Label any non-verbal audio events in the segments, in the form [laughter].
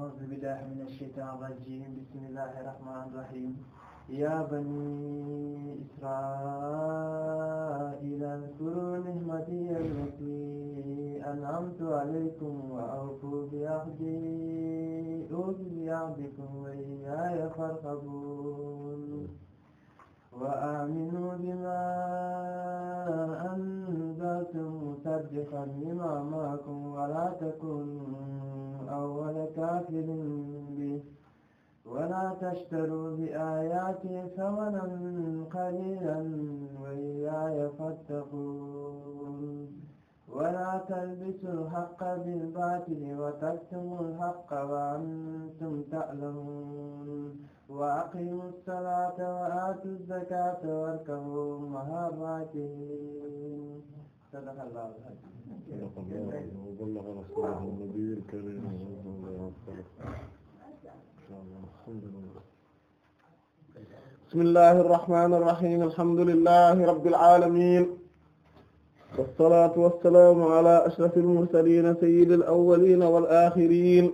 أعوذ بالله من الشيطان الرجيم بسم الله الرحمن الرحيم يا بني إسرائيل اذكروا نعمتي التي أنعمت عليكم وأوفوا بعهدي أوف بعهدكم وإياي فارهبون وآمنوا بما أنزلتم مصدقا لما معكم ولا تكونوا أول كافر به ولا تشتروا بآياتي ثمنا قليلا وإياي فاتقون ولا تلبسوا الحق بالباطل وتكتموا الحق وأنتم تعلمون وأقيموا الصلاة وآتوا الزكاة واركبوا مع الراكعين صدق الله العظيم وبلغ رسوله النبي الكريم بسم الله الرحمن الرحيم الحمد لله رب العالمين والصلاة والسلام على أشرف المرسلين سيد الأولين والآخرين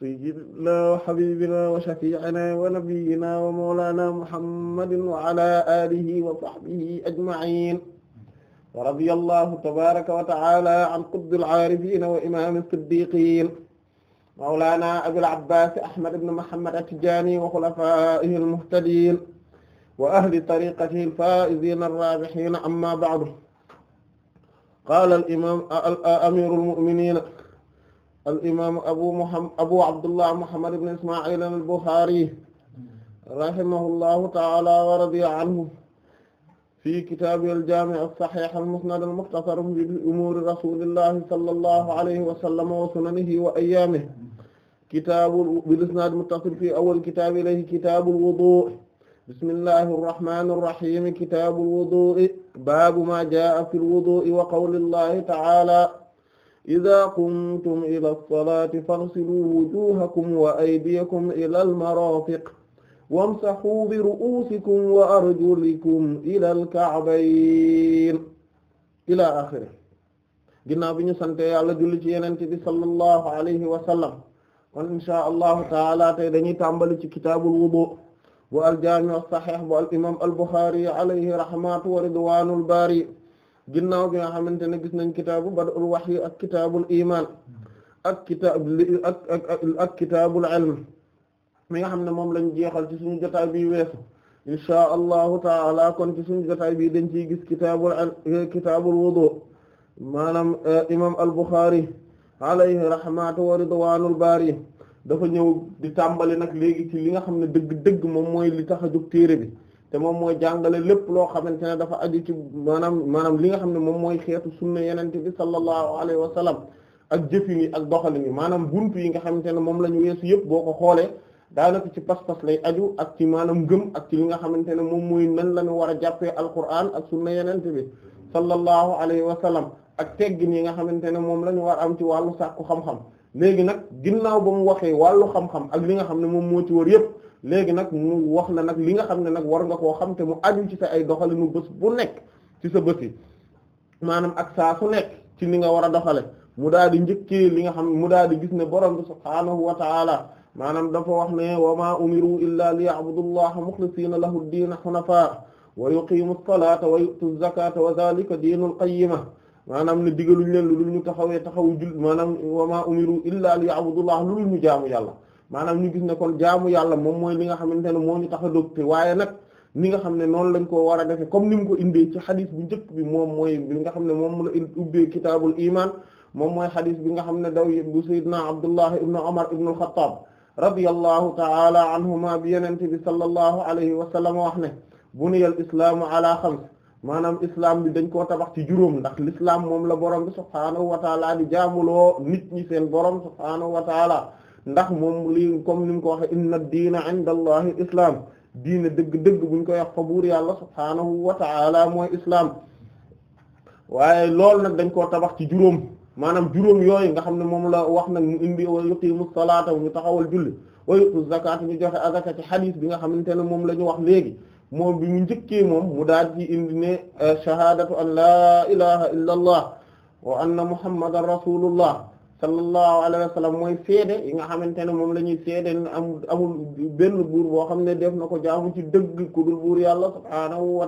سيدنا وحبيبنا وشفيعنا ونبينا ومولانا محمد وعلى آله وصحبه أجمعين radiyallahu tabaraka wa ta'ala an qutbil aarifin wa imam siddiqin mawlana abil abbas ahmad ibn muhammad at-tijani wa khulafaihi al-muhtadin wa ahli tariqatihi al-faizin ar-rabihin amma ba'du qala al-imam amirul mu'minin al-imam abu muhammad abu abdullah muhammad ibn isma'il al-bukhari rahimahullahu ta'ala wa radiya anhu fi kitaabi al-jaami' as-sahiih al-musnad al-mukhtasar bi umuuri rasuulillahi sallallahu alayhi wa sallam wa sunanihi wa ayyaamihi kitaabu bil-isnaad muttasil fi awwal kitaab ilayhi kitaabul wuduu' bismillahi rahmaani rahiim kitaabul wuduu' baabu maa jaa'a fil wuduu' wa qawlillahi ta'aalaa izaa qumtum ilaa as-salaati faghsiluu wujuuhakum wa aydiyakum ilal maraafiq wamsaxuu bi ru'uusikum wa arjulikum ilal ka'bayn ilaa axiri ginnaaw bi ñu sante yàlla julli ci yeneen bi sallallahu alayhi wa sallam kon inshaa allahu taala tey dañuy tàmbali ci kitaabul wudu bu aljaami as-saxiix bu al imaam al buxaari alayhi rahmatu wa ridwaanul baari ginnaaw bi nga xamante ne gis nañ kitaabu bad'ul wahyi ak kitaabul iimaan ak kitaab ak ak ak kitaabul ilm mi nga xam ne moom lañu jeexal ci suñu jotaay bi weesu insha allahu taala kon ci suñu jotaay bi dañ ciy gis kitaabul kitaabul wudu maanaam eh, imam al-Bukhari alayhi rahmatu wa ridwanul bari dafa ñëw di tàmbali nag léegi ci li nga xam ne dëgg-dëgg moom mooy li tax a jóg téere bi te moom mooy jàngale lépp loo xamante ne dafa aju ci maanaam maanaam li nga xam ne moom mooy xeetu sunna yenente bi sallallahu alayhi wa ak jëfin yi ak doxalin yi maanaam buntu yi nga xamante ne moom la ñu weesu yëpp boo ko xoolee daanaka ci pas-pas lay aju ak ci maanaam ngëm ak ci li nga xamante ne moom mooy nan la ñu war a jàppee alquran ak sunna yenente bi sallallahu alayhi wa sallam ak teggin yi nga xamante ne moom la ñu war am ci wàllu sàkku xam-xam léegi nag ginnaaw ba mu waxee wàllu xam-xam ak li nga xam ne moom moo ci wër yépp léegi nag mu wax la nag li nga xam ne nag war nga koo xam te mu aju ci sa ay doxalinu bës bu nekk ci sa bés yi maanaam ak saa su nekk ci li nga war a doxale mu daal di njëkkee li nga xam mu daal di gis ne borom bi subhaanahu wa taala maanaam dafa wax na ne wa ma umiru illa li ya'budullaha muxlisiina lahu diina xunafaa wa yuqiimu salaata wa yu'tu zakata wa zalika diinul qayyima maanaam ne digaluñ leen lu dul ñu taxawee taxawu jul maanaam wa ma umiru illa li ya'budullaha lu dul ñu jaamu yàlla maanaam ñu gis ne kon jaamu yàlla moom mooy li nga xamante ne moo ñu tax a dóg te waaye nag ni nga xam ne noonu lañ ko war a defe comme ni mu ko indee ci xadis bu njëkk bi moom mooy li nga xam ne moom la ubbee kitaabul iman moom mooy xadis bi nga xam ne daw bu sayyidna abdullah ibnu omar ibnu al-Xattaab radiyallahu ta'ala anhuma bi yenente bi sallallahu alayhi wa sallam wax ne buniyal islaamu ala xams maanaam islam bi dañ koo tabax ci juróom ndax l'islam moom la borom bi subhaanahu wa taala di jaamuloo nit ñi seen borom subhaanahu wa taala ndax moom lii comme ni mu ko waxe inna diina inda allahi islam diina dëgg-dëgg buñ koy wax fa buur yàlla subhaanahu wa taala mooy islam waaye loolu nag dañ koo tabax ci juróom maanaam juróom yooyu nga xam ne moom la wax nag mu indi wa yuqimu salaata ñu taxawal julli wa yutu zakat ñu joxe a ci xadiis bi nga xamante ne moom la ñu wax léegi moom bi mu njëkkee moom mu daal di indi ne shahaadatu an laa ilaha illa allah wa anna muhammadan rasulullah sallallahu alayhi wa sallam mooy seede yi nga xamante ne moom la ñuy seede amul amul benn buur boo xam ne def na ko jaamu ci dëgg ku dul buur yàlla subhaanahu wa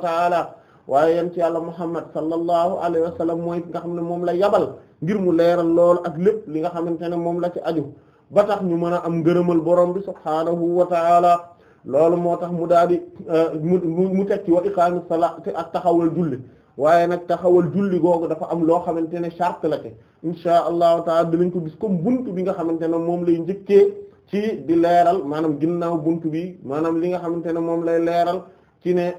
waaye yent yàlla muhammad sallallahu alayhi wa sallam mooy nga xam ne moom lay yabal ngir mu leeral lool ak lépp li nga xamante ne moom la ci aju ba tax ñu mën a am ngërëmal borom bi subhaanahu wa taala loolu moo tax mu daal di mu mu ci wa iqaamu salaat ak taxawal waaye nag taxawal julli googu dafa am loo xamante ne charte la te insha ko gis comme buntu bi nga xamante ne moom lay njëkkee ci di leeral maanaam ginnaaw buntu bi maanaam li nga xamante ne moom lay leeral ci ne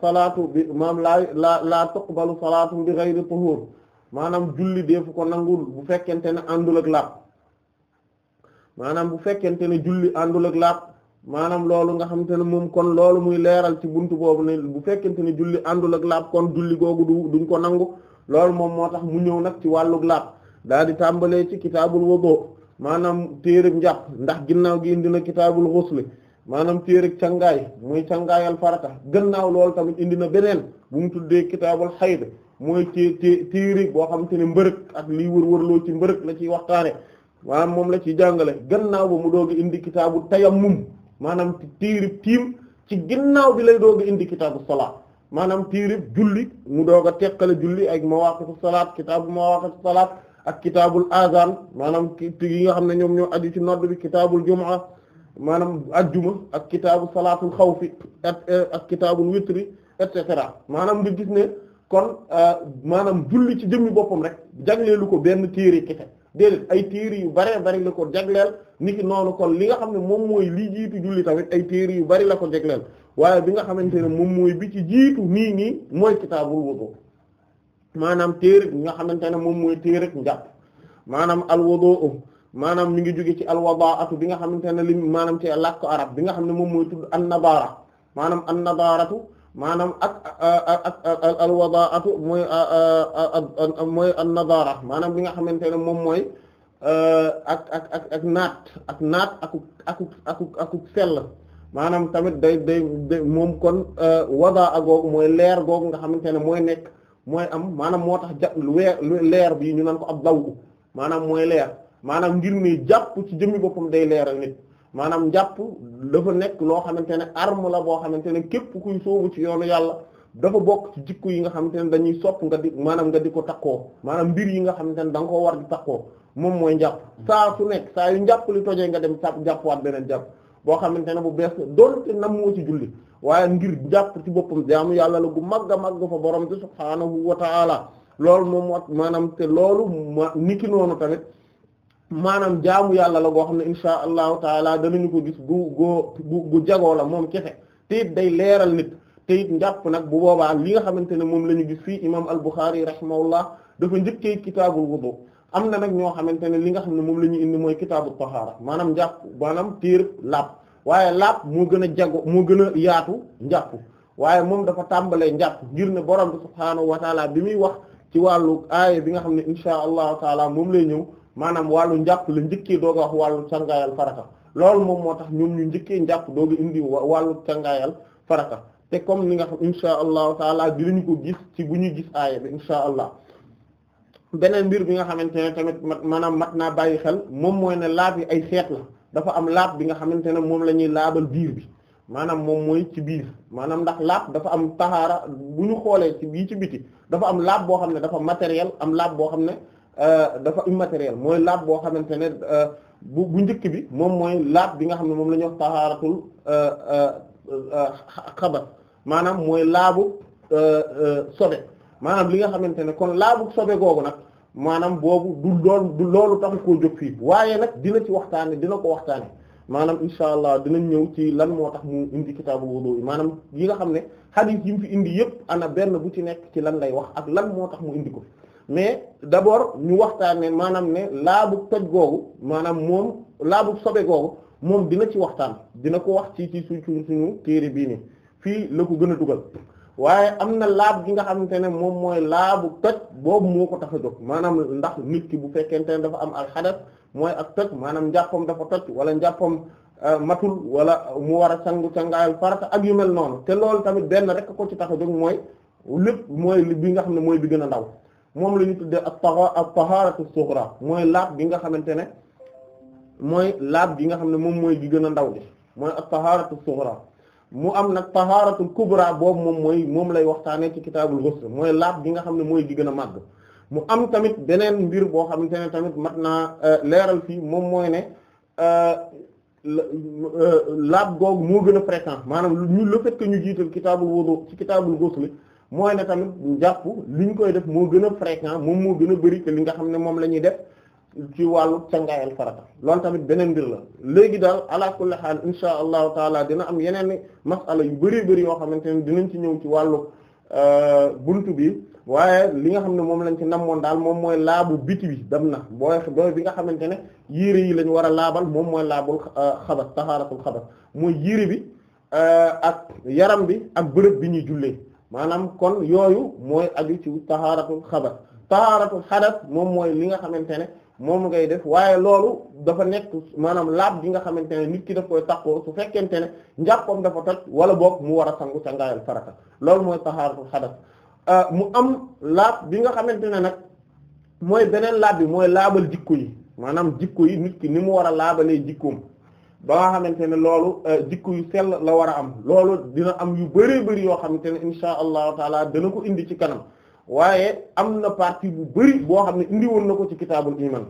salaatu bi maam laa la laa tuqbalu salaatu bi ghayri tuhur maanaam julli deefu ko nangu bu fekkente ne àndul ak maanaam bu fekkente ne julli àndul ak laab maanaam loolu nga xamante ne moom kon loolu muy leeral ci bunt boobu ne bu fekkente ne julli àndul ak laab kon julli googu du duñ ko nangu loolu moom moo tax mu ñëw nag ci wàllug laab daal di tàmbalee ci kitaabul wudu maanaam téereb njàpp ndax ginnaaw gi indi na kitaabul ghusl maanaam téerig cangaay muy cangaayal farata gannaaw lool tamit indi na beneen bu mu tuddee kitaabul xayd mooy té té téerig boo xamante ne mbërëg ak liy wër loo ci mbërëg la ciy waxtaane maanaam moom la ciy jàngale gannaaw ba mu doog indi kitaabu tayammum maanaam téerib tiim ci ginnaaw bi lay doog indi kitaabu salaat maanaam téerib julli mu doog a teqale julli ak mawaaqitu solaat kitaabu mawaaqitu salaat ak kitaabul azan maanaam yi nga xam ne ñoom ñoo aju ci nodd bi kitaabul jumaa maanaam ajjuma ak kitaabu salaatul xawfi eh, ak kitaabul witri et cetera maanaam nga gis ne kon eh, maanaam julli ci jëmmi boppam rek jagleelu ko benn téere kese déedéet ay téere yu baree bari la ko jagleel ki noonu kon li nga xam ne moom mooy li jiitu julli tamit ay téere yu bari la ko jagleel waaye bi nga xamante ne moom mooy bi ci jiitu nii nii mooy kitaabul wudu maanaam téere bi nga xamante ne moom mooy téere njàpp maanaam al wudu maanaam mi ngi jóge ci alwadaatu bi nga xamante ne li maanaam ci làkk arab bi nga xam ne moom mooy tudd annabaara maanaam annabaaratu maanaam ak ak ak alwadaatu mooy maanaam li nga xamante ne moom mooy ak ak ak ak naat ak naat aku aku aku aku sell maanaam tamit day day moom kon wadaa googu mooy leer googu nga xamante ne mooy nekk mooy am maanaam moo tax ja weer leer bii ñu naan ko ab dawgu maanaam mooy leer maanaam ngir ne jàpp ci jëmmi boppam day leeral nit maanaam jàpp dafa nekk loo xamante ne arme la boo xamante ne képp kuy soobu ci yoonu yàlla dafa bokk ci jikko yi nga xamante ne dañuy sopp nga di maanaam nga di ko takkoo maanaam mbir yi nga xamante ne da nga koo war di takkoo moom mooy njàpp saa su nekk saa yu njàpp li tojee nga dem sàpp jàppwaat beneen jàpp boo xamante ne bu bees doonte nam moo ci julli waaye ngir jàpp ci boppam jaamu yàlla la gu mag a màgg fa borom bi subhaanahu wa ta'ala loolu moom maanaam te loolu ma niki noonu tamit maanaam jaamu yàlla la goo xam ne insha allahu taala danañu ko gis gu gu gu jagoo la moom kexe te day leeral nit te it njàpp nag bu boobaa li nga xamante ne moom la ñu gis fii imaam al-Bukhari rahimahullah dafa njëkkee kitaabul wudu am na nag ñoo xamante ne li nga xam ne moom la ñu indi mooy kitaabu tahaara maanaam njàpp maanaam tiir làpp waaye laab moo gën a jago moo gën a yaatu njàpp waaye moom dafa tàmbalee njàpp ngir ne borom bi subhaanahu bi muy wax ci wàllu aaya bi nga xam ne insha allahu taala moom lay ñëw maanaam wàllu njàpp la njëkkee doog a wax wàllu cangaayal farata lool moom moo tax ñoom ñu njëkkee njàpp doog a indi wàllu cangaayal farata te comme ni nga xam insha allahu bi dinañu ko gis ci bu ñuy gis aaya bi insha allah beneen mbir bi nga xamante ne tamit maanaam mat naa bàyyi xel moom mooy ne laab yi ay xeet la dafa am laab bi nga xamante ne moom la ñuy laabal biir bi maanaam moom mooy ci biir maanaam ndax laab dafa am taxaara bu ñu xoolee ci ci biti dafa am laab boo xam ne dafa matériel am laab boo xam ne Euh, dafa immatériel mooy laab boo xamante ne euh, bu bu njëkk bi moom mooy laab bi nga xam ne moom la ñuy wax tahaaratul euh, xabar maanaam mooy laabu sobe maanaam li nga xamante ne kon laabu sobe googu nag maanaam boobu du loolu du loolu taxu koo jóg fii waaye nag dina ci waxtaane dina ko waxtaane maanaam insha allah dinañ ñëw ci lan moo tax mu indi kitaabu wudu yi maanaam yi nga xam ne hadith yi mu fi indi yépp ana benn bu ci nekk ci lan lay wax ak lan moo tax mu indi ko mais d'abord ñu waxtaanee maanaam ne laabu toj googu maanaam moom laabu sobe googu moom dina ci waxtaan dina ko wax ci ci suñu téere bii nii fii la ko gën a dugal waaye am na laab gi nga xamante ne moom mooy laabu toj boobu moo ko tax a jóg maanaam ndax nit ki bu fekkente ne dafa am ak alxadas mooy ak toj maanaam njàppam dafa toj wala njàppam euh, matul wala mu war a sangu sangaayal farata ak yu mel noonu te lool tamit benn rek ko ci tax a jóg mooy lépp mooy li bi nga xam ne mooy bi gën a ndaw moom la ñu tuddee ak taxa ak taharatu sughra mooy laab gi nga xamante ne mooy laab gi nga xam ne moom mooy gi gën a ndaw gi mooy ak taharatu sughra mu am nag taharatul kubra boobu moom mooy moom lay waxtaanee ci kitaabul ghusl mooy laab gi nga xam ne mooy gi gën a màgg mu am tamit beneen mbir boo xamante ne tamit mat naa euh, leeral fii moom mooy ne euh, euh, laab googu moo gën a fréquent maanaam lu le fait que ñu jiital kitaabul wudu ci kitaabul ghusl mooy ne tamit jàpp li ñu koy def moo gën a fréquent moom moo gën a bëri te li nga xam ne moom la ñuy def ci wàllu cangaayal farata lool tamit beneen mbir la léegi daal ala kulli haal insha allahu taala dina am yeneen masala yu bëree bari yoo xamante ne dinañ ci ñëw ci wàllu euh, bunt bi waaye li nga xam ne moom lañ ci namoon daal moom mooy laabu biti bi dam na booy bi nga xamante ne yére yi lañ war a laabal moom mooy laabul euh, xabas taxaaratul xabas mooy yére bi euh, ak yaram bi ak bërëb bi ñuy jullee maanaam kon yooyu mooy aju ci tahaaratul xabar tahaaratul xadas moom mooy li nga xamante ne moom ngay def waaye loolu dafa nekk maanaam laab bi nga xamante ne nit ki daf koy takkoo su fekkente ne njàppam dafa toj wala boog mu war a sangu sangaayal farata loolu mooy tahaaratul xadas euh, mu am laab bi nga xamante ne nag mooy beneen laab bi mooy laabal jikko yi maanaam jikko yi nit ki ni mu war a laabalee jikkoom ba nga xamante ne loolu euh, jikko yu sell la war a am loolu dina am yu bëree bëri yoo xamante ne insha allahu taala dana ko indi ci kanam waaye am na partie bu bëri boo xam ne indi woon na ko ci kitaabul iman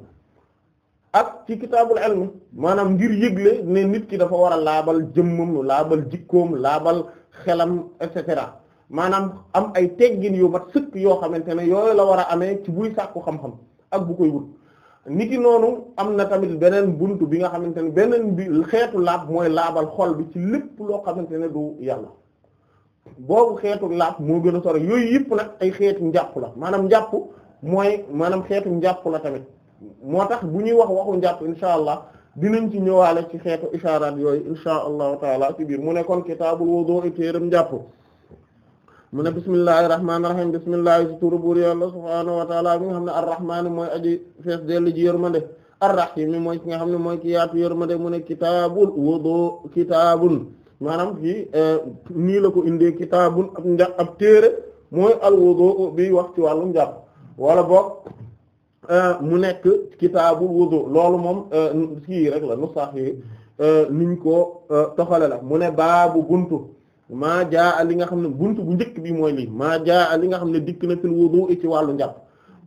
ak ci kitaabul ilm maanaam ngir yëgle ne nit ki dafa war a laabal jëmmam laabal jikkoom laabal xelam et cetera maanaam am ay teggin yu mat sëkk yoo xamante ne yooyu la war a amee ci buy sàkku xam-xam ak bu koy wut niki noonu am na tamit beneen bunt bi nga xamante ne beneen bi xeetu laab mooy laabal xol bi ci lépp loo xamante ne du yàlla boobu xeetu laab moo gën a sore yooyu yëpp nag ay xeetu njàpp la maanaam njàpp mooy maanaam xeetu njàpp la tamit moo tax bu ñuy wax waxu njàpp insha allah dinañ ci ñëwaale ci xeetu ishaaraat yooyu insha allahu taala ci biir mu ne kon kitaabul wudu téeram njàpp mu ne bismillahi rahmaani rahim bismillahi si turu buur yàlla subhaanahu wa taala bi nga xam ne arrahmaani mooy aji fees dellu ji yërmande arrahim mooy ki nga xam ne mooy ki yaatu yërmande mu ne kitaabul wudu kitaabun maanaam fii eh, nii la ko indee kitaabun ab nja ab téere mooy al wudu bi wax ci wàllum jàpp wala boog eh, mu nekk kitaabul wudu loolu moom eh, kii rek la nu sax niñ ko toxale la mu ne baabu buntu maa jaa li nga xam ne buntu bu njëkk bi mooy lii maa jaa li nga xam ne dikk na fil wudu'i ci wàllu njàpp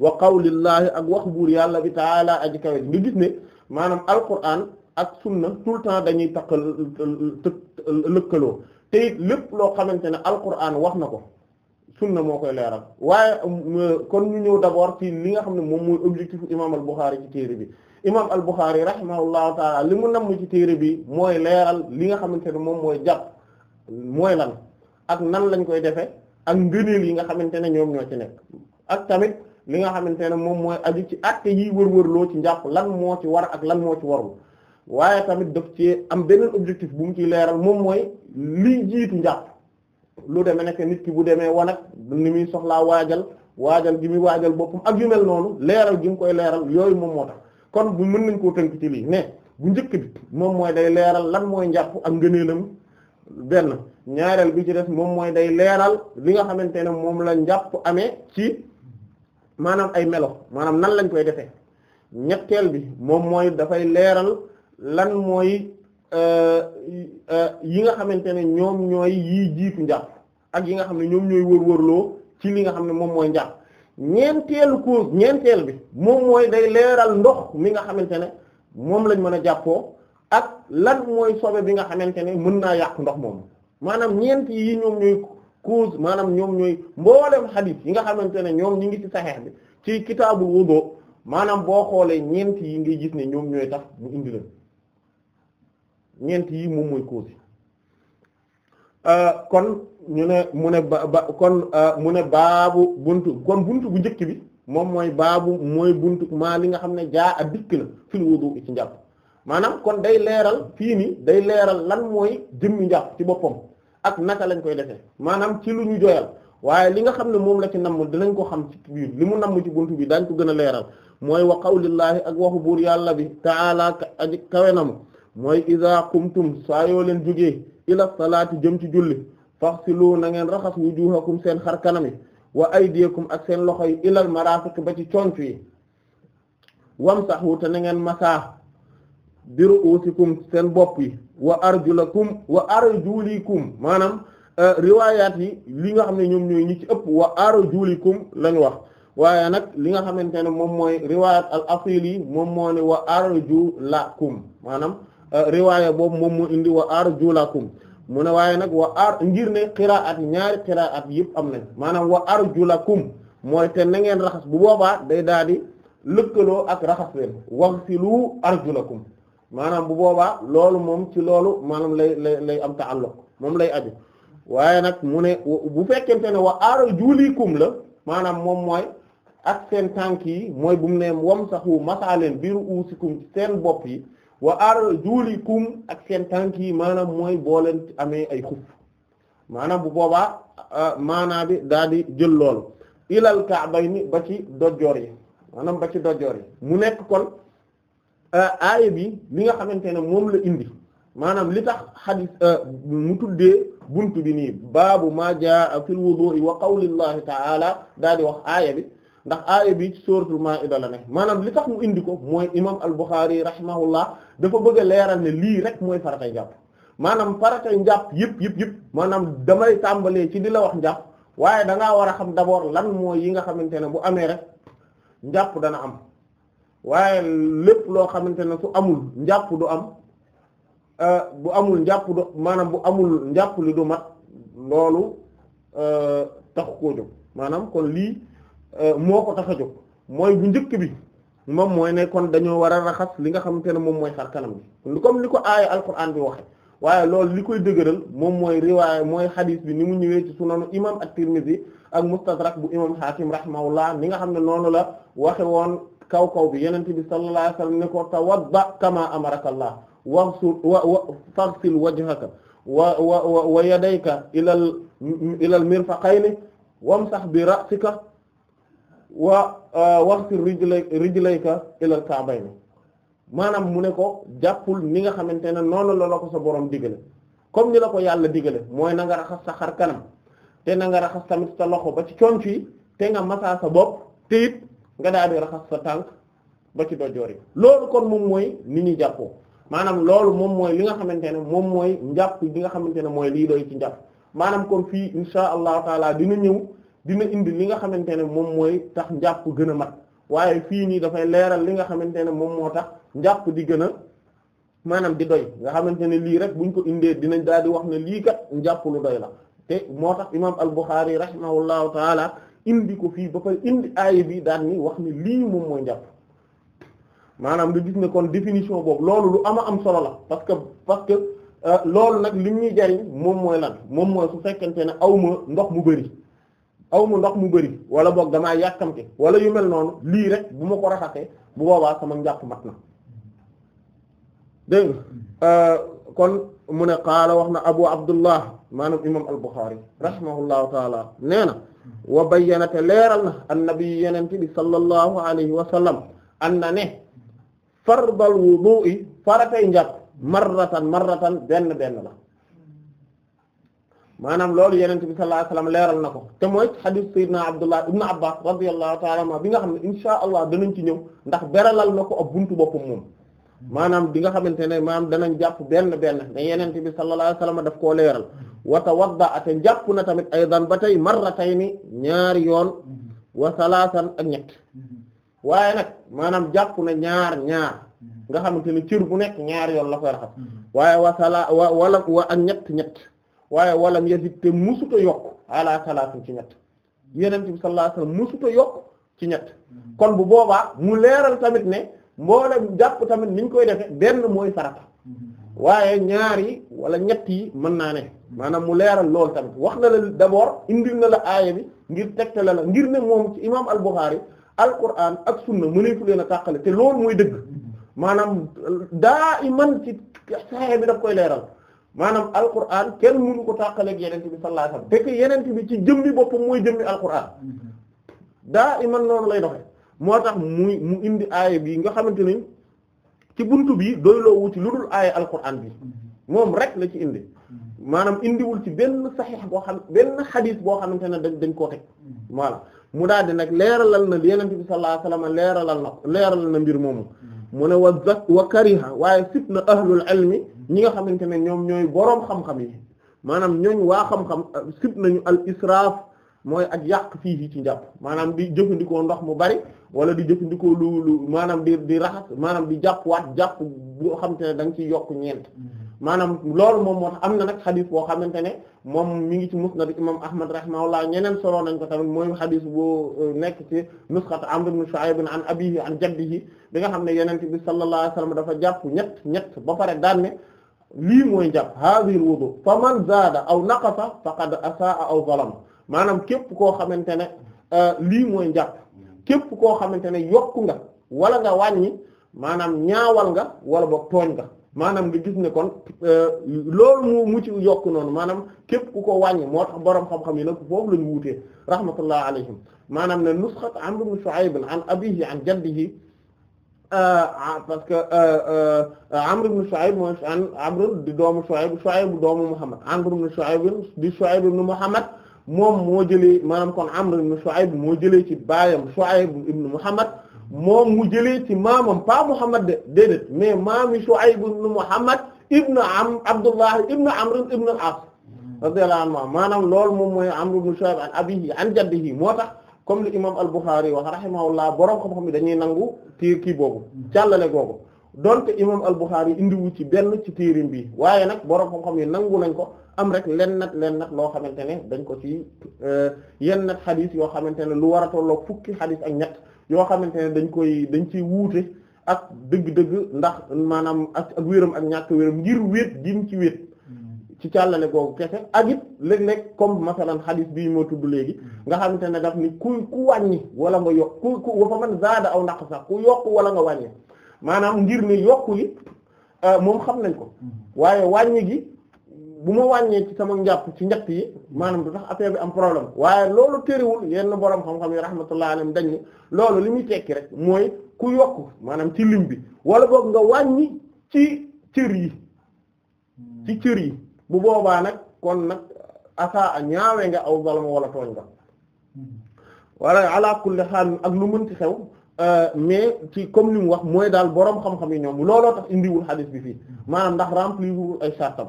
wa qawlillaahi ak wax buur yàlla bi taala aji kawe nga gis ne maanaam alquran ak sunna tout le temps dañuy taqal lëkkaloo te it lépp loo xamante ne alquran wax na ko sunna moo koy leeral waaye euh, kon ñu ñëw d'abord ci li nga xam ne moom mooy objectif imam al-Bukhari ci téere bi imam al-Bukhari rahimahullahu taala li mu namm ci téere bi mooy leeral li nga xamante ne moom mooy jàpp mooy lan ak nan lañ koy defee ak ngëneel yi nga xamante ne ñoom ñoo ci nekk ak tamit li nga xamante ne moom mooy aju ci acte yi wër loo ci njàpp lan moo ci war ak lan moo ci warul waaye tamit daf ci am beneen objectif bu ciy leeral moom mooy lii jiitu njàpp lu demee nekk nit ki bu demee wanag ni muy soxlaa waajal waajal gi muy waajal boppam ak yu mel noonu leeral gi mu koy leeral yooyu moom moo tax kon mën nañ koo tënk ci mais bu njëkk moom mooy day leeral lan mooy njàpp ak ngëneelam benn ñaareel bi ci des moom mooy day leeral li nga xamante ne moom la njàpp amee ci maanaam ay melo maanaam nan lañ koy defee ñetteel bi moom mooy dafay leeral lan mooy euh, euh, yi nga xamante ne ñoom ñooy yii jiitu njàpp ak yi nga xam ne ñoom ñooy ci li nga xam ne moom mooy njàpp ñeenteelu bi moom day leeral ndox mi nga xamante ne moom lañ mën a jàppoo lan mooy sobe bi nga xamante ne mën naa yàq ndox moomu maanaam ñeent yi ñoom ñooy cause maanaam ñoom ñooy mboolem xadiis yi nga xamante ne ñoom ñi ngi ci saxeex ci kitaabul maanaam boo xoolee ñeent yi ngay gis ne ñoom ñooy tax mu indi leen ñeent yi moom mooy cause euh, kon ñu ne mu ne ba kon euh, mu ne baabu buntu kon buntu bu njëkk bi moom mooy baabu mooy buntu maa li nga xam ne jaa a dikk na fil wudu ci njàpp maanaam kon day leeral fii nii day leeral lan mooy jëmmi njàpp ci boppam ak naka lañ koy defe maanaam ci lu ñu joyal waaye li nga xam ne moom la ci namm danañ ko xam ci biir li mu namm ci buntu bi daañ ko gën a leeral mooy wa qawlillaahi ak waxu buur yàlla bi ta'ala aji kawe nam mooy iza qumtum saa yoo leen jógee ila salaati jëm ci julli faxsilu na ngeen raxas wujuhakum seen xar kanami wa aydiyakum ak seen loxo yi ilal marafiq ba ci conc yi wamsahu te ngeen masaa bi ru'usikum seen bopp yi wa ar arjulakum wa arjulikum maanaam euh, riwaayaat yi lii nga xam ne ñoom ñooy ñi ci ëpp wa ar arjulikum lañu wax waaye nag li nga xamante ne moom mooy riwayat al asil yi moom moo ne wa arjulakum maanaam euh, riwaaya boobu moom mu indi wa arjulakum mu ne waaye nag wa ar ngir ne qiraat ñaari at yëpp am nañ maanaam wa arjulakum mooy te na ngeen raxas bu boobaa day daal di lëkkaloo ak raxas leen waxsilu arjulakum maanaam bu boobaa loolu moom ci loolu maanaam lay lay lay am ta'alluq moom lay aju waaye nag mu ne bu fekkente ne wa ar arjulikum la maanaam moom mooy ak seen tànk yi mooy bu mu ne wamsahu masaaleen biru uusikum seen bopp yi wa ar arjulikum ak seen tànk yi maanaam mooy booleen amee ay xuf maanaam bu boobaa ah, maanaa bi daal di jël loolu ilal ka'bayni ba ci dojoor yi maanaam ba ci dojoor yi mu nekk kon Euh, aaya bi li nga xamante ne moom la indi maanaam li tax xadis euh, mu tuddee buntu bi nii baabu maa jaa fil wudu'i wa qawlillahi ta'ala daal wax aye bi ndax aaya bi suratul ma la ne maanaam li tax mu indi ko mooy imam al-Bukhari rahimahullah dafa bëgg leeral ne lii rek mooy faratay njàpp maanaam faratay njàpp yëpp yëpp yëpp maanaam damay tàmbalee ci di la wax njàpp waaye da ngaa war a xam d'abord lan mooy yi nga xamante ne bu amee rek njàpp dana am waaye lépp loo xamante ne su amul njàpp du am euh, bu amul njàpp du maanaam bu amul njàpp li du mat loolu euh, tax koo jóg maanaam kon lii euh, moo ko tax a jóg mooy bu njëkk bi moom mooy ne kon dañoo war a raxas li nga xamante ne moom mooy xar kanam bi kom li ko aaya alquran bi waxe waaye loolu li koy dëgëral moom mooy riwaay mooy xadiis bi ni mu ñëwee ci sunanu imam at-Tirmidhi ak mustadrak bu imam Hakim rahimahullah ni nga xam ne noonu la waxe woon kaw kaw bi yenente bi sallallahu alayhi wasallam ne ko tawadda kama amaraka allah waghsul wa faghsil wajhaka wa wa wa yadayka ilal ilal mirfaqayni wamsax bi ra'sika wa uh, waghsil rijlay rijlayka ilal ka'bayni maanaam mu ne ko jàppul ni nga xamante ne noonu la la sa borom digale comme ni la ko yàlla digale mooy na nga raxas sa xar kanam te na nga raxas tamit sa loxo ba ci conc te nga masaa sa bopp te nga daal de raxas sa tànk ba ci dojoor yi loolu kon moom mooy ni ñuy jàppoo maanaam loolu moom mooy li nga xamante ne moom mooy njàpp gi nga xamante ne mooy lii doy ci njàpp fii insha allahu taala dina ñëw dina indi li nga xamante ne moom mooy tax njàpp gën a mat waaye fii nii dafay leeral li nga xamante ne moom moo tax njàpp di gën a maanaam di doy nga xamante ne lii rek buñ ko indee dinañ daal di wax ne lii kat njàpp lu doy la te moo tax imaam al-Bukhari rahimahullahu taala indi ko fii ba pare indi aaya bi daan ni wax ni lii moom mooy njàpp maanaam nga gis ne kon définition boobu loolu lu ama am solo la parce que parce que euh, loolu nag li muy jariñ moom mooy lan moom mooy su fekkente ne aw ma ndox mu bari aw ma ndox mu bari wala boog damaa yàkkamte wala yu mel noonu lii rek bu ma ko raxasee bu boobaa sama njàpp mat na dégg euh, kon mu ne qaala wax na Abu Abdullah maanaam imam al-Bukhari rahimahullahu nee na wa bayyana te leeral na annabi yenente bi sallallahu alayhi wa sallam an na ne fardal wudu'i faratay njàpp marratan marratan benn benn la maanaam loolu yenente bi sallallahu alayhi wa sallam leeral na ko te mooy xadiis sayyidina abdullah ibn abbas radiyallahu ta'ala anhu bi nga xam ne insha allah danañ ci ñëw ndax beralal na ko ab buntu boppam moom maanaam bi nga xamante ne maanaam danañ jàpp benn benn ne yenente bi sallallahu alayhi wa sallam daf koo leeral wata wa tawadda'a te jàpp na tamit ay aydan ba tey marratayni ñaari yoon wa salaasan ak ñett waaye nag maanaam jàpp na ñaar ñaar nga xamante ne cër bu nekk ñaar yoon la koy waaye wa sala wala wa ak ñett ñett waaye walam yazid te musuta yokk ala salaasin ci ñett yeneen bi sallallahu alayhi wasallam musuta yokk ci ñett kon bu boobaa mu leeral tamit ne mboolem jàpp tamit niñ koy defe benn mooy farata waaye ñaar yi wala ñett yi mën naa ne maanaam mu leeral lool tamit wax na la d'abord indil na la aaya bi ngir tegtal la ngir ne moom ci imaam al-Bukhari al-Qur'an ak sunna mëneefu leen a tàqale te loolu mooy dëgg maanaam daa iman ci saxe bi daf koy leeral maanaam al-Qur'an kenn mënu ko tàqaleeg yenente bi sallallahu alayhi wasallam te que yenente bi ci jëmmi boppam mooy jëmmi al-Qur'an daa iman noonu lay doxe moo tax muy mu indi aaya bi nga xamante ni ci buntu bi doyloowu ci lu dul aaya alquran bi moom rek la ci indi maanaam indiwul ci benn saxiix boo xam benn xadiis boo xamante ne dañ dañ koo teg mu daal di nag leeralal na yonent bi sallallahu leeralal na leeralal na mbir moomu mu ne wa zak wa kariha waaye sib na ahlul ilmi ñi nga xamante ne ñoom ñooy boroom xam-xam yi maanaam ñooñ waa xam-xam sib nañu al israaf mooy ak yàq fii ci njàpp maanaam di jëfandikoo ndox mu bari wala di jëfandikoo lu lu maanaam di di raxas maanaam di jàpp waat jàpp boo xamante ne da nga ciy yokk ñeent mm-hmm. maanaam loolu moom moo tax am na nag xadis boo xamante ne moom mi ngi ci musnad imam ahmad rahimahullah ñeneen solo nañ ko tamit mooy xadis boo euh, nekk ci nusxat amr ibn shu'ayb an abihi an jaddihi bi nga xam ne yeneen yonent bi sallallahu alayhi wasallam dafa jàpp ñett ñett ba pare daan ne lii mooy jàpp hadhihi al wudu fa man zaada aw naqasa faqad asaa aw zalama maanaam képp koo xamante ne euh, lii mooy njàpp képp koo xamante ne yokku nga wala nga wàññi maanaam ñaawal nga wala boo tooñ nga maanaam nga gis ne kon euh, loolu mu mu ci yokk noonu maanaam képp ku ko wàññi moo tax boroom xam-xam yi nag foofu la ñu wutee rahmatullah alayhim maanaam ne nusxat Amr ibn Shu'ayb an abihi an jaddihi euh, parce que Amr ibn Shu'ayb mooy an Amr di doomu Shu'ayb Shu'ayb doomu Muhammad Amr ibn Shu'ayb di Shu'ayb ibn Muhammad moom moo jëlee maanaam kon Amr ibn Shu'ayb moo jëlee ci baayam Shu'ayb ibn Muhammad moom mu jëlee ci maamam pas Muhammad de déedéet mais maami Shu'ayb ibn Muhammad ibn am Abdullah ibn Amr ibn al-As radiyallahu anhu maanaam loolu moom mooy Amr ibn Shu'ayb an abihi an jaddihi moo tax comme li imam al-Bukhari wax rahimahullah borom xam-xam dañuy nangu tiir kii boobu jàllale googu. donte imam al yi indiwu ci benn ci téerim bi waaye nag borom xam-xam yi nangu nañ ko am rek lennat lennat loo xamante ne dañ ko ci euh, yenn nag yoo xamante ne lu war a tolloog fukki xadis yoo xamante ne dañ koy dañ ciy wuute ak dëgg-dëgg ndax maanaam ak ak wéram ak ñàkk wéram ngir wéet giñ ci wéet mm. ci càllale googu kese ak it léeg-léeg comme masalan xadis bi moo tudd léegi mm. nga xamante ne daf ni ku ku wàññi wala nga yokk ku ku wa fa man zaada aw naqsa ku yokk wala nga wàññi maanaam ngir ne yokk yi euh, moom xam nañ ko mm-hmm. waaye wàññi gi bu ma wàññee ci sama njàpp ci njàpp yi maanaam du tax affaire bi am problème waaye loolu tëriwul yenn borom xam-xam yi rahmatullah alayhim dañ ni loolu li muy tekki rek mooy ku yokk maanaam ci lim bi wala boog nga wàññi ci cër yi mm-hmm. ci cër yi bu boobaa nag kon nag asa ñaawe nga aw zalama wala tooñ nga mm-hmm. wala ala kulli xaal ak lu mën ci xew Euh, mais ci comme li mu wax mooy daal boroom xam-xam yi ñoom looloo tax indiwul xadis bi fii hmm. maanaam ndax remplir wul ay sartam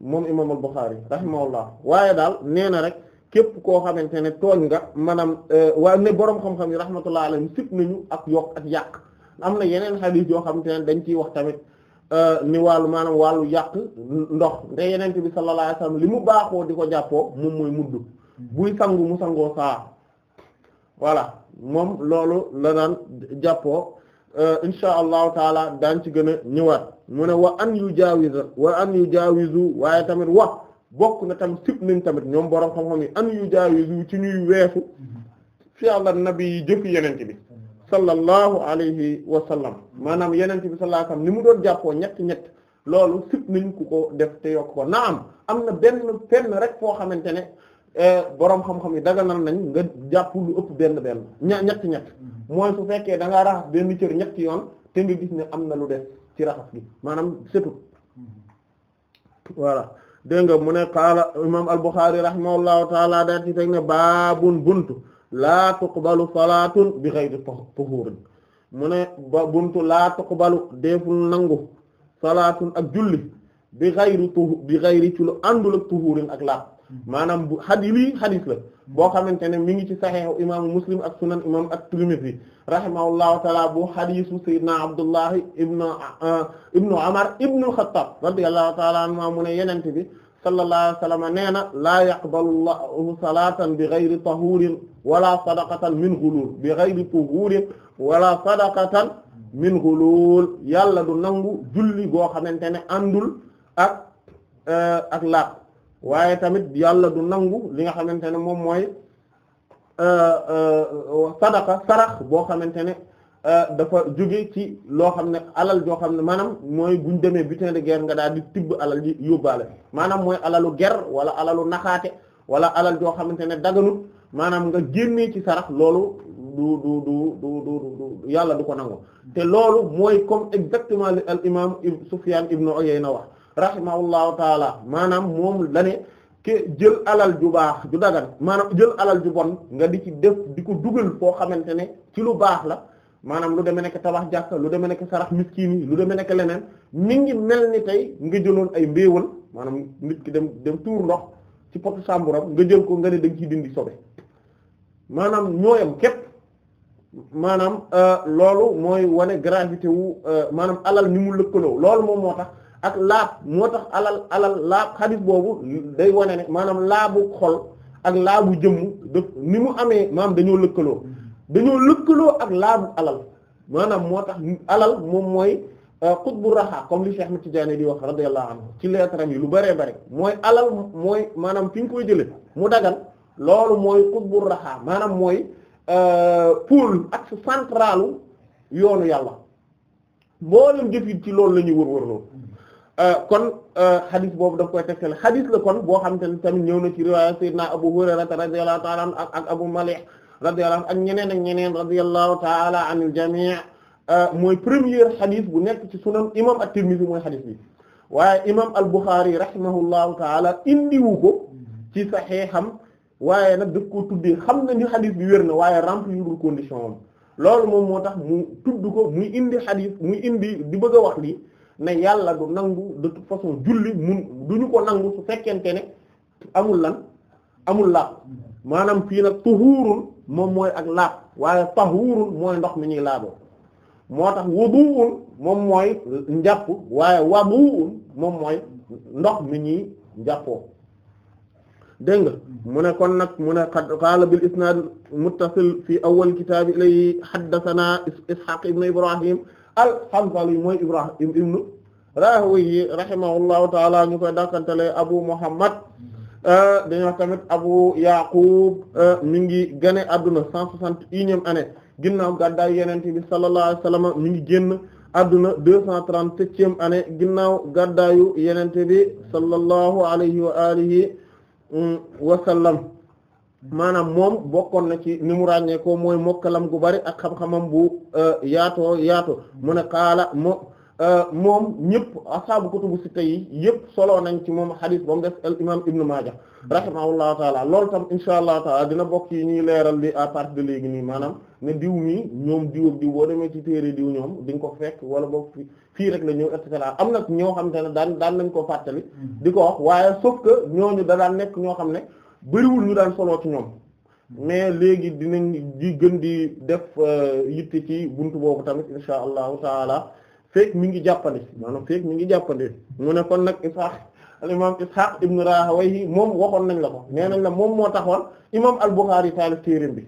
moom imaam al-Bukhari rahimahullah waaye daal nee na rek képp koo xamante ne tooñ nga maanaam euh, waaye ne boroom xam-xam yi rahmatullah alayhim sit nañu ak yokk ak yàq am na yeneen xadis yoo xamante ne dañ ciy wax tamit euh, ni wàllu maanaam wàllu yàq ndox te yeneen bi sallallahu alayhi wasallam li mu baaxoo di ko jàppoo moom mooy mudd hmm. buy sangu mu sangoo saa moom loolu la daan jàppoo euh, insha allahu taala daan ci gën a ñëwaat mu ne wa an yu jaawiza wa an yu jaawizu waaye tamit wa bokk na tamit sib nañ tamit ñoom borom xam-xam yi an yu jaawizu ci ñuy weesu fi àlla nabi yi jëf yenente bi sallallahu alayhi wa sallam maanaam yenente bi sallallahu alayhi wa sallam ni mu doon jàppoo ñett ñett loolu sib nañ ku ko def te yokk ko naam am na benn fenn rek foo xamante ne Eh, boroom xam-xam yi daganal nañ nga jàpp lu ëpp benn benn ña ñett ñett mm-hmm. mooy su fekkee da raxas benn cër ñetti yoon te nga gis ne am na lu def ci raxas gi maanaam setul mm-hmm. voilà dégg nga mu ne qaala imam al-Bukhari rahimahullahu taala daa ci teg ne baabun buntu laa tuqbalu salaatun bi ghayri tuhurin mu ne ba buntu laa tuqbalu deful nangu salaatun ak julli bi ghayri tuhur bi ghayri ci lu àndul ak tuhurin ak laab maanaam bu xadi lii xadis la boo xamante ne mi ngi ci saxiixu imaamu muslim ak sunan imam at-Tirmidhi rahimahullahu taala bu xadisu sayyidina Abdullahi ibn uh, ibnu Umar ibnu al-Khattab radiyallahu taala anhuma mu ne yenente bi sallallahu alayhi wa sallam nee na laa yaqbalu Allahu salaatan bi ghayri tahuurin wala sadaqatan min ghuluul bi ghayri tahuurin wala sadaqatan min ghuluul yàlla du nangu julli goo xamante ne àndul ak uh, ak laab waaye tamit yàlla du nangu li nga xamante ne moom mooy euh, euh, sadaka sarax boo xamante ne euh, dafa jóge ci loo xam ne alal joo xam ne maanaam mooy buñ demee butin de guerre nga daal di tibb alal ji yóbbaale maanaam mooy alalu guerre wala alalu naxaate wala alal joo xamante ne daganut maanaam nga génnee ci sarax loolu du du du du yàlla du ko nangu te loolu mooy comme exactement li al imam Sufyan ibn Uyayna wax rahimahullahu taala maanaam moom la ne ke jël alal ju baax ju dagan maanaam jël alal ju bon nga di ci def di ko dugal foo xamante ne ci lu baax la maanaam lu demee nekk tabax jàkka lu demee nekk sarax miskin yi lu deme nekk leneen mi ngi mel ni tey nga jëloon ay mbéewal maanaam nit ki dem dem tuur ndox ci potu sàmburam nga jël ko nga ne da nga dindi sobe maanaam ñooyam képp maanaam euh, loolu mooy wane gravité wu euh, maanaam alal ni mu lëkkaloo loolu moom moo ak laab moo tax alal alal laab xadis boobu day wane ne maanaam laabu xol ak laabu jëmm daf ni mu amee maam dañoo lëkkaloo dañoo lëkkaloo ak laabu alal maanaam moo tax alal moom mooy xutbu euh, raxaa comme li seex Cheikh ci Tidiane di wax radiyallahu anhu ci leetaram yi lu bëree bëri mooy alal mooy maanaam fi nga koy jële mu dagal loolu mooy xutbu raxa maanaam mooy euh, pôle ak centralu yoonu yàlla mboolem jëf ci loolu la ñuy wër-wër loolu Euh, kon xadis euh, boobu daf koy tegtal xadis la kon boo xamante ne tamit ñëw na ci riwaaya sayyidina Abu Hurayra radiyallahu ta'ala anhu ak ak Abu Malih radiyallahu ak ñeneen ak ñeneen radiyallahu ta'ala anil jami' euh, mooy premier xadis bu nekk ci sunan imam at-Tirmidhi mooy xadis bi waaye imam al-Bukhari rahimahullahu ta'ala indiwu ko ci xam waaye nag daf ko xam nañu ni xadis bi wér na waaye remplirul condition am loolu moom moo tax mu tudd ko muy indi xadis muy indi di bëgg a wax li ne yàlla du nangu de toute façon julli mun duñu ko nangu su fekkente ne amul lan amul laab maanaam fii nag tuhuurul moom mooy ak laab waaye tahuurul mooy ndox mi ñuy laaboo moo tax wuduul moom mooy njàpp waaye waduul moom mooy ndox mi ñuy njàppoo dégg nga mu ne kon nag mu ne qaala bil isnaad muttasil fi awwal kitaab ilay haddathana ishaq ibn ibrahim al-Hanzali mooy Ibrahim ibnu Rahawayh rahimahullahu taala ñu koy dàkkantele Abu Muhammad euh, dañuy tamit Abu Yaqub euh, mi ngi gane adduna cent soixante et unième année ginnaaw gàddaay Yonent bi sallallahu alayhi wa sallam mi ngi génn adduna deux cent ginnaaw gàddaayu Yonent bi sallallahu alayhi wa alihi mm, maanaam moom bokkoon na ci ni mu ràññee ko mooy mokkalam gu bari ak xam-xamam bu euh, yaatoo yaato mu ne xaala mo euh, moom ñëpp ashabu kutubu sitta yi yëpp solo nañ ci moom xadis ba mu def al imam ibnu Maaja rahimahullahu taala lool tam insha allahu taala dina bokk yi ñuy leeral li à partir de léegi nii maanaam ne diw mi ñoom diw ak diw boo demee ci téere diw ñoom di nga ko fekk wala boog fi fii rek la ñëw et am nag ñoo xam te ne daan daan nañ ko fàttali mm-hmm. di ko waaye sauf que ñooñu da daan nekk ñoo xam ne bëriwul ñu daan solo ñoom mais léegi dina di gën di def euh, yitte ci bunt boobu tamit insha allahu taala feek mi ngi jàppandi maanaam feek mi ngi jàppandi mu ne kon nag Ishaq al imaam Ishaq ibn Rahawayhi moom waxoon nañ la ko nee nañ la moom moo taxoon imaam al-Bukhari taalif téereem bi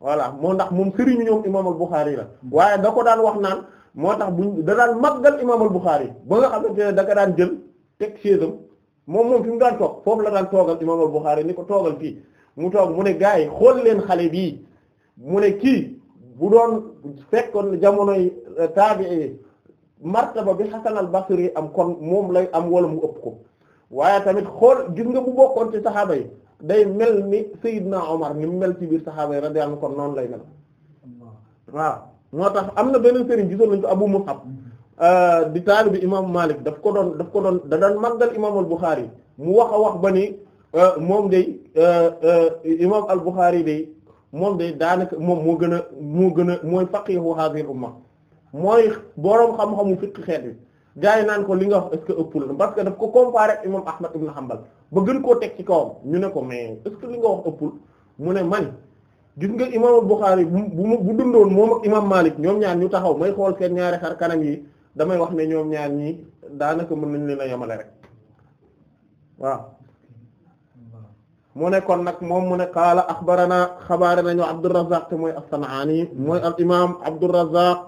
voilà moo ndax moom sëriñu ñoom imaam al-Bukhari la waaye da ko daan wax naan moo tax buñ da daan màggal imaam al-Bukhari ba nga xamante ne da ka daan jël teg séesam moom moom fi mu daan toog foofu la daan toogal imam al-Bukhari ni ko toogal fii mu toog mu ne gars yi xool leen xale bii mu ne kii bu doon fekkoon jamonoy taabii martaba bi Hasan al-Basri am kon moom lay am wala mu ëpp ko waaye tamit xool gis nga bu bokkoon ci saxaaba yi day mel ni na Omar ni mu mel ci biir saxaaba yi radiyallahu anhu kon noonu lay mel waaw moo tax am na beneen sëriñ gisoon lañ ko Abu Mus'ab mm-hmm. Euh, di taalibi imaamu Malik daf ko doon daf ko doon da daan màggal imaamul Bukhari mu wax a wax ba ni euh, moom day euh, imaam al Bukhari day moom day daanaka moom moo gën a moo gën a mooy faqihu hadhihi umma mooy boroom xam-xamu fiqh xeet bi gaa yi naan ko li nga wax est-ce que ëppul parce que daf ko comparé ak imaam Ahmad ibn Hanbal ba gën koo teg ci kawam ñu ne ko mais est-ce que li nga wax ëppul mu ne man gis nga imaamul Bukhari bu bu dundoon moom ak imaam Malik ñoom ñaan ñu taxaw may xool seen ñaari xar kanam yi. damay wax ne ñoom ñaar ñi daanaka mën nañ leen a yemale rek waaw mu kon nag moom mu kaala qaala axbarana xabaare nañu Abdurrazzaq te moy as-San'aani mooy al imaam Abdurrazzaq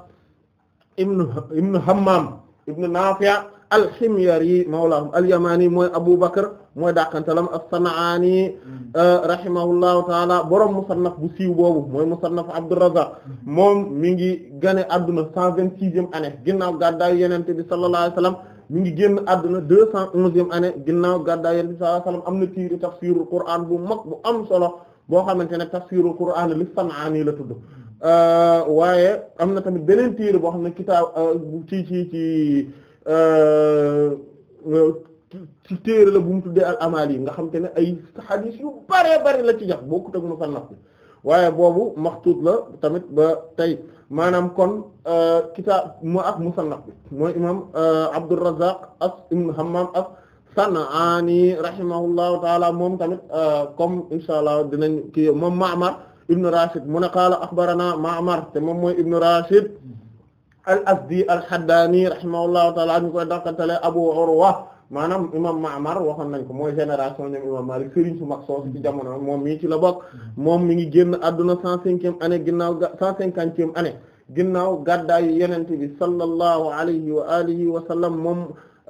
ibn ibn Hammam ibn Naafi' alximyari mawlaahum alyamani mooy Abu Bakr mooy dàqantalam as-San'aani mm-hmm. euh, rahimahullahu taala borom musannaf bu siiw boobu mooy musannaf Abdurrazzaq mm-hmm. moom mi ngi gane adduna cent vingt sixième année ginnaaw gàddaay Yonent bi sallallahu alayhi wa sallam ngi génn adduna deux cent onzième e année ginnaaw gàddaay Yonent bi sallallahu am na tiiri tafsirul Qur'an bu mag bu am solo boo xamante ne tafsirul Qur'an li San'aani la tudd euh, waaye am na tamit beneen tiiri boo xam ne kitaab euh, ci ci ci ci euh, euh, téere la bu mu tuddee al amali nga xam te ne ay xadiis yu bare bare la ci jax bokkut ak musannaf bi waaye boobu maxtuut la tamit ba tey maanaam kon euh, kitaab mu ak musannaf bi mooy imaam Abdurrazzaq as ibn Hammam as San'aani rahimahullahu taala moom tamit comme insha allah dinañ kii moom Ma'mar ibn Rashid mu ne qaala axbarana Ma'mar te moom mooy ibn Rashid al asdi al xaddaani rahimahullahu taala ko koy dàqantale abu urwa maanaam imam Ma'mar waxoon nañ ko mooy génération ñoom imam Malik sëriñ su mag soosu ci jamono moom mii ci la bokk moom mi ngi génn adduna cent cinquième année ginnaaw cent cinquantième année ginnaaw gàddaayu yenente bi sallallahu alayhi wa alihi wa sallam moom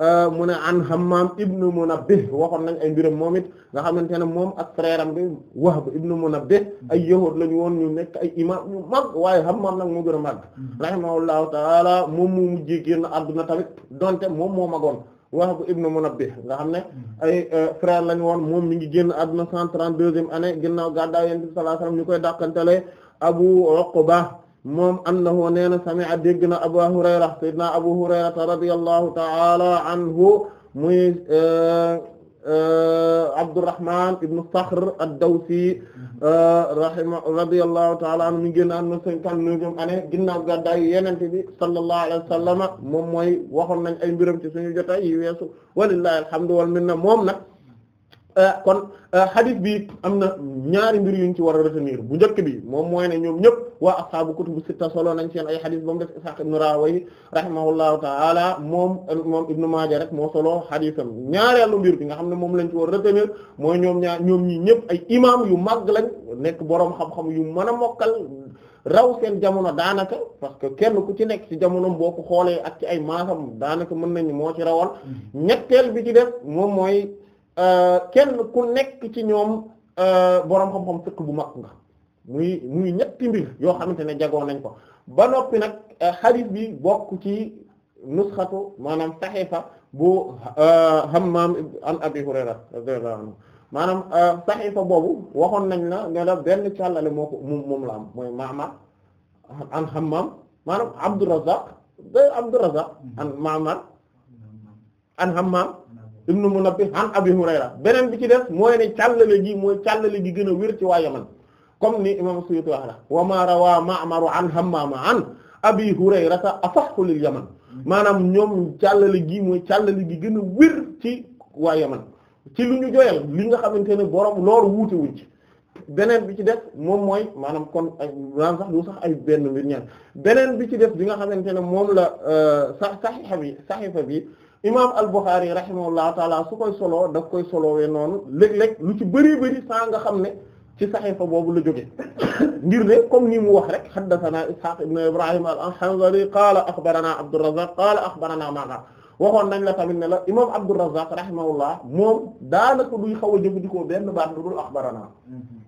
Euh, mu ne xam an Hammam ibnu Munabbih waxoon nañ ay mbiram moom it nga xamante ne moom ak frère am bi Wahb ibnu Munabbih ay yahuud lañu woon ñu nekk ay imam mu mag waaye xam Hammam nag mu gën a mag mm-hmm. rahimahullahu taala moom mu mujjee génn àdduna tamit donte moom moo magoon wax Wahb ibnu Munabbih nga xam ne mm-hmm. ay euh, frère lañu woon moom mi ngi génn àdduna cent trente-deuxième année ginnaaw gàddaay Yonent bi sallallahu alayhi wasallam ñu koy dàqantele Abu Uqba moom annahu nee na sami'a dégg na Abu Hurayra sayyidina Abu Hurayra radiyallahu ta'ala anhu muy eh, eh, Abdurrahman ibn Sakhr ad-Dawsi eh, rahima radiyallahu ta'ala anhu mi génn àdduna cinquante-neuvième année ginnaaw gàddaay Yonent bi sallallahu alayhi wa sallam moom mooy waxoon nañ ay mbiram ci suñu jotaay yi weesu walillahi alhamdu wal minna moom nag Euh, kon euh, hadith bi am na ñaari mbir yuñ ci war a retenir bu njëkk bi moom mooy ne ñoom ñëpp waa ashaabu kutubu sitta solo nañ seen ay hadith ba mu def Ishaq ibn Rawayi rahimahullahu ta'ala moom moom Ibn Maaja rek moo solo haditham ñaareelu mbir bi nga xam ne moom lañ ci war a retenir mooy ñoom ñaar ñoom ñi ñëpp ay imam yu mag lañ nekk boroom xam-xam yu mën a mokkal raw seen jamono daanaka parce que kenn ku ci nekk ci jamono boo ko xoolee ak ci ay maasam daanaka mën nañu moo ci rawoon mm-hmm. ñetteel bi ci def moom mooy Euh, kenn ku nekk ci ñoom euh, boroom xam-xam fiqh bu mag nga muy muy ñetti mbir yoo xamante ne jagoo nañ ko ba noppi nag euh, hadith bi bokk ci nusxatu maanaam saxiifa bu Hammaam an Abi maanaam saxiifa boobu waxoon nañ na ne la benn càllale moo ko moom moom la am mooy Ma'mar an Hammaam maanaam Abdurrazzaq da Abdurrazzaq an Ma'mar an Hammaam ibnu Munabbih an Abi Hurayra beneen bi ci def mooy ne càllale gi mooy càllale gi gën a wér ci waa Yaman comme ni imam Suyuti wax la wa ma rawa Ma'mar Abi Hurayrata asahhu lil Yaman maanaam ñoom càllale gi mooy càllale gi gën a wér ci waa Yaman ci lu ñu joyal li nga xamante ne borom loolu wuute wuñ ci beneen bi ci def moom mooy maanaam kon ay maanaam sax du sax ay benn mbir ñaar beneen bi ci def bi nga xamante ne moom la euh, sax saxiifa bi bi imaam al-Bukhari rahimahullahu taala su koy soloo daf koy solowee noonu léeg-léeg lu ci bëri bëri saa nga xam ne ci saxiifa boobu la jóge [coughs] ngir ne comme ni mu wax rek haddathana Ishaq ibn Ibrahim al-Hanzali qaala akhbarana Abdurrazzaq qaala akhbarana waxoon nañ la tamit ne la imaam Abdurrazzaq rahimahullah moom daanaka duy xaw a jëfandikoo benn baat lu dul akhbarana mm-hmm.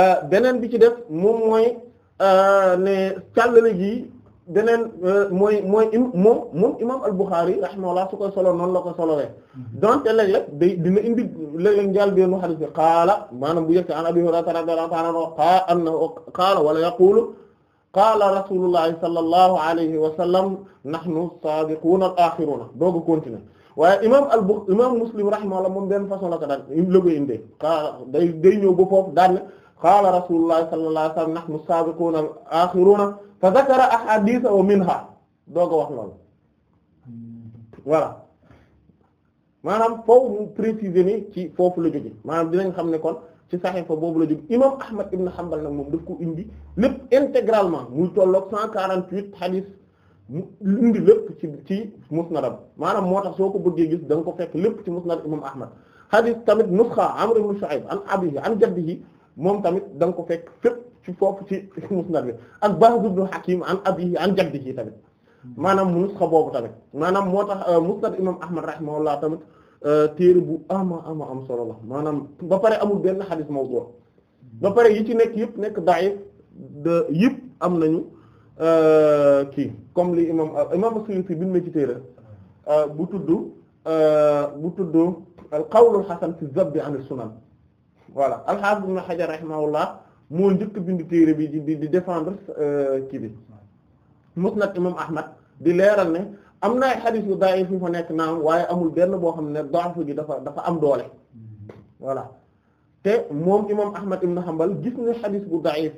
euh, beneen bi ci def moom mooy euh, ne càllale gi beneen euh, mooy mooy moom moom imaam al-Bukhari rahimahullah su koy solo noonu la ko solowee mhm. dont léeg-léeg day dina indi léeg-léeg njaal beenu xadis bi qaala maanaam bu yegg an Abi Hurayra radiyallahu ta'ala anhu qaala wala yaqulu qaala rasulullahi sallallahu alayhi wa sallam nahnu as-saabiquuna al-aaxiruuna doog a continuer waaye imaam al imaam Muslim rahimahullah moom benn façon la ko daan la koy indee qaala day day ñëw ba foofu daan qaala rasulullah sallallahu alayhi wa sallam nahnu as-saabiquuna al-aaxiruuna fa zakara ahaadiisa wa minha doog a wax loolu voilà maanaam foofu mu préciser ni ci foofu la jóge maanaam dinañ xam ne kon ci saxiifa boobu la jóge imam Ahmad ibn Hanbal nag moom daf ko indi lépp intégralement muy tolloog 148 hadith mu indi lépp ci ci musnadam maanaam moo tax soo ko bëggee gis da nga ko fekk lépp ci musnad imam Ahmad hadith tamit nusxa Amr ibn Shu'ayb an abihi an jaddihi moom tamit da nga ko fekk fépp ci foofu ci [laughs] musnad bi ak Bahz ibn Hakim an abihi an jaddihi tamit maanaam mu nusxa boobu tamit maanaam moo tax euh, musnad imam Ahmad rahimahullah tamit euh, téere bu ama ama am solo la maanaam ba pare amul benn xadis mawdu ba pare yi ci nekk yëpp nekk da'if de yëpp am nañu euh, kii comme li imam imam Suyuti bin ma ci téere bu tudd bu tudd al qawl al hasan fi zabbi an as-sunan voilà al-Hafiz Ibn Hajar rahimahullah moo njëkk bind téere bi di di défendre euh, kii bi Musnad imam Ahmad di leeral ne am na ay xadiis yu da'if yu fa nekk naam waaye amul benn boo xam ne da'f gi dafa dafa am doole voilà te moom imam Ahmad Ibn Hanbal gis ne xadiis bu da'if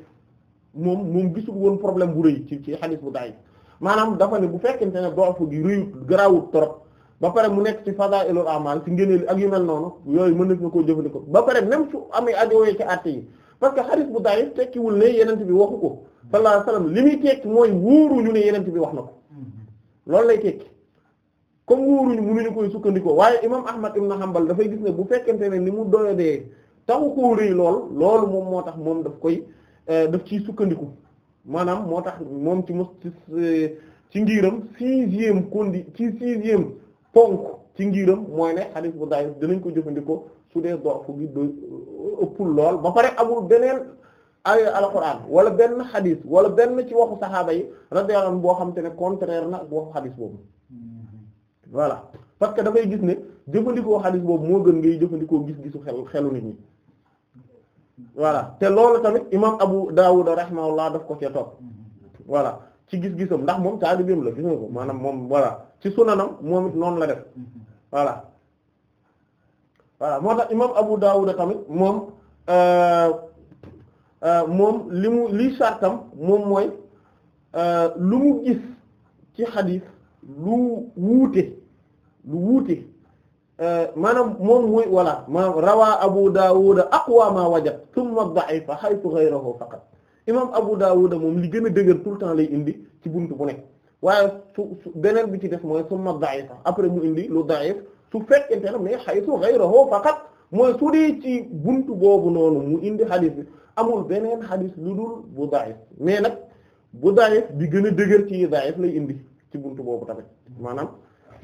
moom moom gisul woon problème bu rëy ci ci xadiis bu da'if maanaam dafa ne bu fekkente ne da'f gi rëyut garaawut trop ba pare mu nekk ci fadaa'ilul a'mal ci ngëneeli ak yu mel noonu yooyu mën na koo jëfandikoo ba pare même su amee ajoowee ci àtte yi parce que xadis bu daif tekkiwul ne yenent bi waxu ko sallallahu alayhi li muy tekki mooy wóoruñu ne yenent bi wax na ko loolu lay tekki comme wóoruñu mënuñu koy sukkandikoo waaye imam Ahmad na Hanbal dafay gis ne bu fekkente ne ni mu doyodee taxu koo rëy lool loolu moom moo tax moom daf koy euh, daf ciy sukkandiku maanaam moo tax moom ci ci ci ngiram sixième condi ci sixième fonk ci ngiram mooy ne xadis bu daif dinañ ko jëfandikoo su dee dox fu gi do euh, ëppul lool ba pare amul beneen ay alquran wala benn xadis wala benn ci waxu saxaaba yi radiyallahu boo xam te ne contraire na ak waxu xadis boobu mm-hmm. voilà parce que dafay gis ne jëfandikoo xadis boobu moo gën ngay jëfandikoo gis-gisu xel xelu nit ñi voilà te loolu tamit imam Abu Dawud rahimahullah daf ko cee topp mm-hmm. voilà ci gis-gisam ndax moom taalibeem la gis nga ko maanaam moom ci sunanam moom it noonu la def voilà voilà moo tax imam Abu Dawud tamit moom euh, euh, moom li mu li sartam moom mooy euh, lu mu gis ci xadiis lu wuute lu wuute maanaam moom mooy voilà maanaam rawaa Abu Dawud aqwa ma wajad thumma da'ifa haythu ghayruhu faqat imam Abu Dawud moom li gën a dëgër tout le temps lay indi ci buntu bu nekk waaye su beneen bi ci def mooy summa da'ifa après mu indi lu da'if su fekkente ne mais haythu ghayruhu faqat mooy su dee ci bunt boobu noonu mu indi xadis bi amul beneen xadis lu dul bu da'if mais nag bu da'if bi gën a dëgër ci da'if lay indi ci bunt boobu tamit maanaam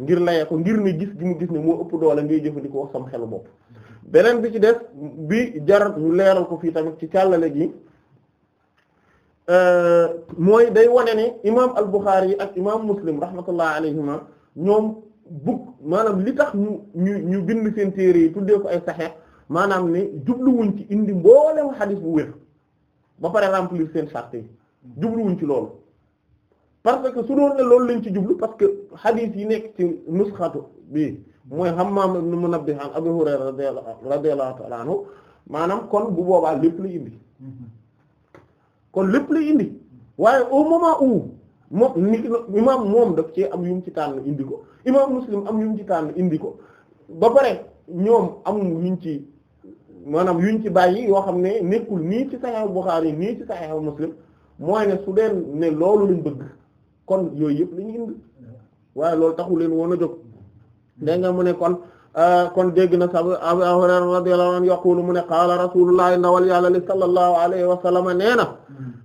ngir layee ko ngir ne gis gi mu gis ne moo ëpp doole ngay jëfandikoo sam xelu bopp beneen bi ci def bi jar leeral ko fii tamit ci càllale gi Euh, mooy day wane ni imaam al-Bukhari yi ak imaam Muslim rahmatullah alayhima ñoom bugg maanaam li tax ñu ñu ñu bind seen téere yi tuddee ko ay saxeex maanaam ne jubluwuñ ci indi mboolem xadis bu wér ba pare remplir seen charte yi jubluwuñ ci loolu parce que su doon ne loolu lañ ci jublu parce que xadis yi nekk ci nusxatu bi mooy Hammaam ibn Munabbih an Abu Hurayra radiyallahu ta'ala anhu maanaam kon bu boobaa lépp la indi mm-hmm. kon lépp lay indi waaye au moment où moom ni imaam moom daf cee am yu ci tànn indi ko imaam muslim am yu ci tànn indi ko ba pare ñoom amul yuñ ci maanaam yuñ ci bàyyi yoo xam ne nekkul nii ci Sahih yi nii ci Sahih Muslim mooy ne su deen ne loolu lañ bëgg kon yooyu yëpp lañu indi waaye loolu taxu leen woon a jóg dégg nga mu ne kon Ah, kon dégg na sax Abu Hurayra radiyallahu anhu yaqulu mu ne qaala rasulullah ndawal yàlla li sallallahu alayhi wa sallam nee na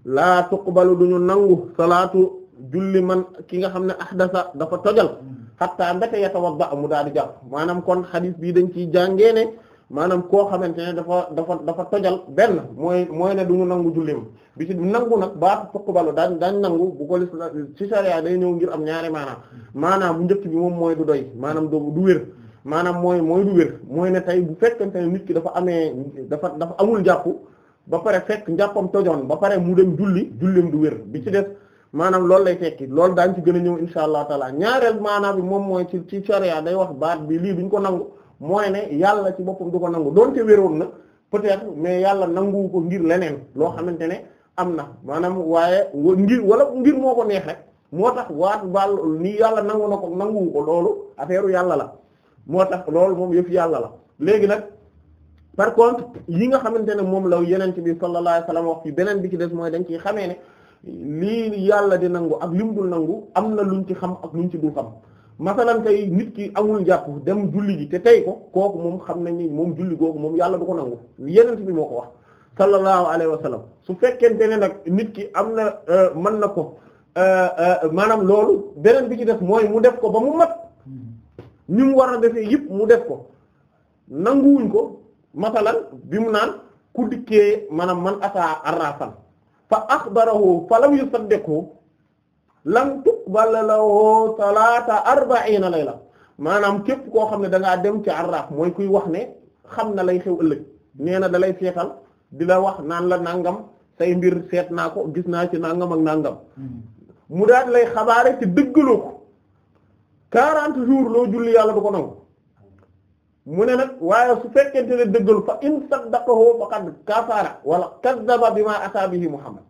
laa tuqbalu duñu nangu salaatu julli man ki nga xam ne ahdasa dafa tojal hatta mbete yatawadda mu daal di jàpp maanaam kon xadis bii dañ ciy jàngee ne maanaam koo xamante ne dafa dafa dafa tojal benn mooy mooy ne duñu nangu jullim bi ci nangu nag baatu tuqbalu daañ daañ nangu bu ko ci sharia day ñëw ngir am ñaari maanaam maanaam bu njëkk bi moom mooy du doy maanaam du wér maanaam mooy mooy du wér mooy ne tey bu fekkente ne nit ki dafa amee dafa dafa amul jàpp ba pare fekk njàppam tojoon ba pare mu dem julli jullim du wér bi ci def maanaam loolu lay tekki lool daañ ci gën a ñëw insha allah taala ñaareel maanaam moom mooy ci ci charia day wax baat bi lii duñ ko nangu mooy ne yàlla ci boppam du ko nangu doonte wéroon na peut-être mais yàlla nanguwu ko ngir leneen loo xamante ne am na maanaam waaye ngir wala ngir moo ko neex rek moo tax waat baal nii yàlla nangu na ko nanguwu ko loolu affaire yàlla la moo tax loolu moom yëpp yàlla la léegi nag par contre yi nga xamante ne moom la yeneen bi sallallahu alayhi wasallam wax fi beneen bi ci des mooy dañ ciy xamee ne lii yàlla di nangu ak lim dul nangu am na lu ñu ci xam ak lu luñ ci dul xam masalan tey nit ki amul jàpp dem julli ji te tey ko kooku moom xam nañ ni moom julli googu moom yàlla du ko nangu yeneen bi moo ko wax sallallahu alayhi wasallam su fekkente ne nag nit ki am na euh, mën na ko euh, euh, maanaam loolu beneen bi ci des mooy mu def ko ba mu mat hmm. ni mu war a defee yëpp mu def ko nanguwuñ ko masalan bi mu naan ku dikkee maanaam man ataa arrafan fa axbarahu fa lam yusaddiqhu lam tuqbal lahu salaata arba'iina layla maanaam képp koo xam ne da dem ci arraf mooy kuy wax ne xam na lay xew ëllëg nee na da lay seetal di la wax naan la nangam say mbir seet naa ko gis naa ci nangam ak nangam hmm. mu daal lay xabaare ci dëggaloo ko 40 jours loo julli yàlla du ko nangu mu ne nag waaye su fekkente ne dëggal fa in saddaqahu faqad kafara wala kazzaba bima ataa bihi Muhammad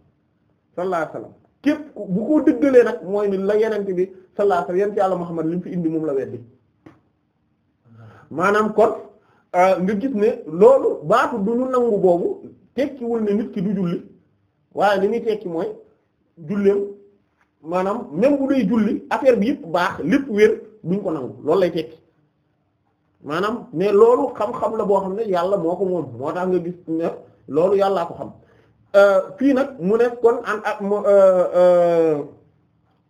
sallallahu alayhi wasallam képp bu ko dëggalee nag mooy ni la yenente bi sallallahu alayhi wasallam yent yàlla Muhammad li mu fi indi moom la weddi maanaam kon euh, nga gis ne loolu baatu du ñu nangu boobu tekkiwul ne nit ki du julli waaye li muy tekki mooy julleem maanaam même bu dee julli affaire bi yëpp baax lépp wér duñ ko nangu loolu lay tekki maanaam mais loolu xam-xam la boo xam ne yàlla moo ko moom moo tax nga gis ne loolu yàllaa ko xam euh, fii nag mu ne kon an ak euh, euh,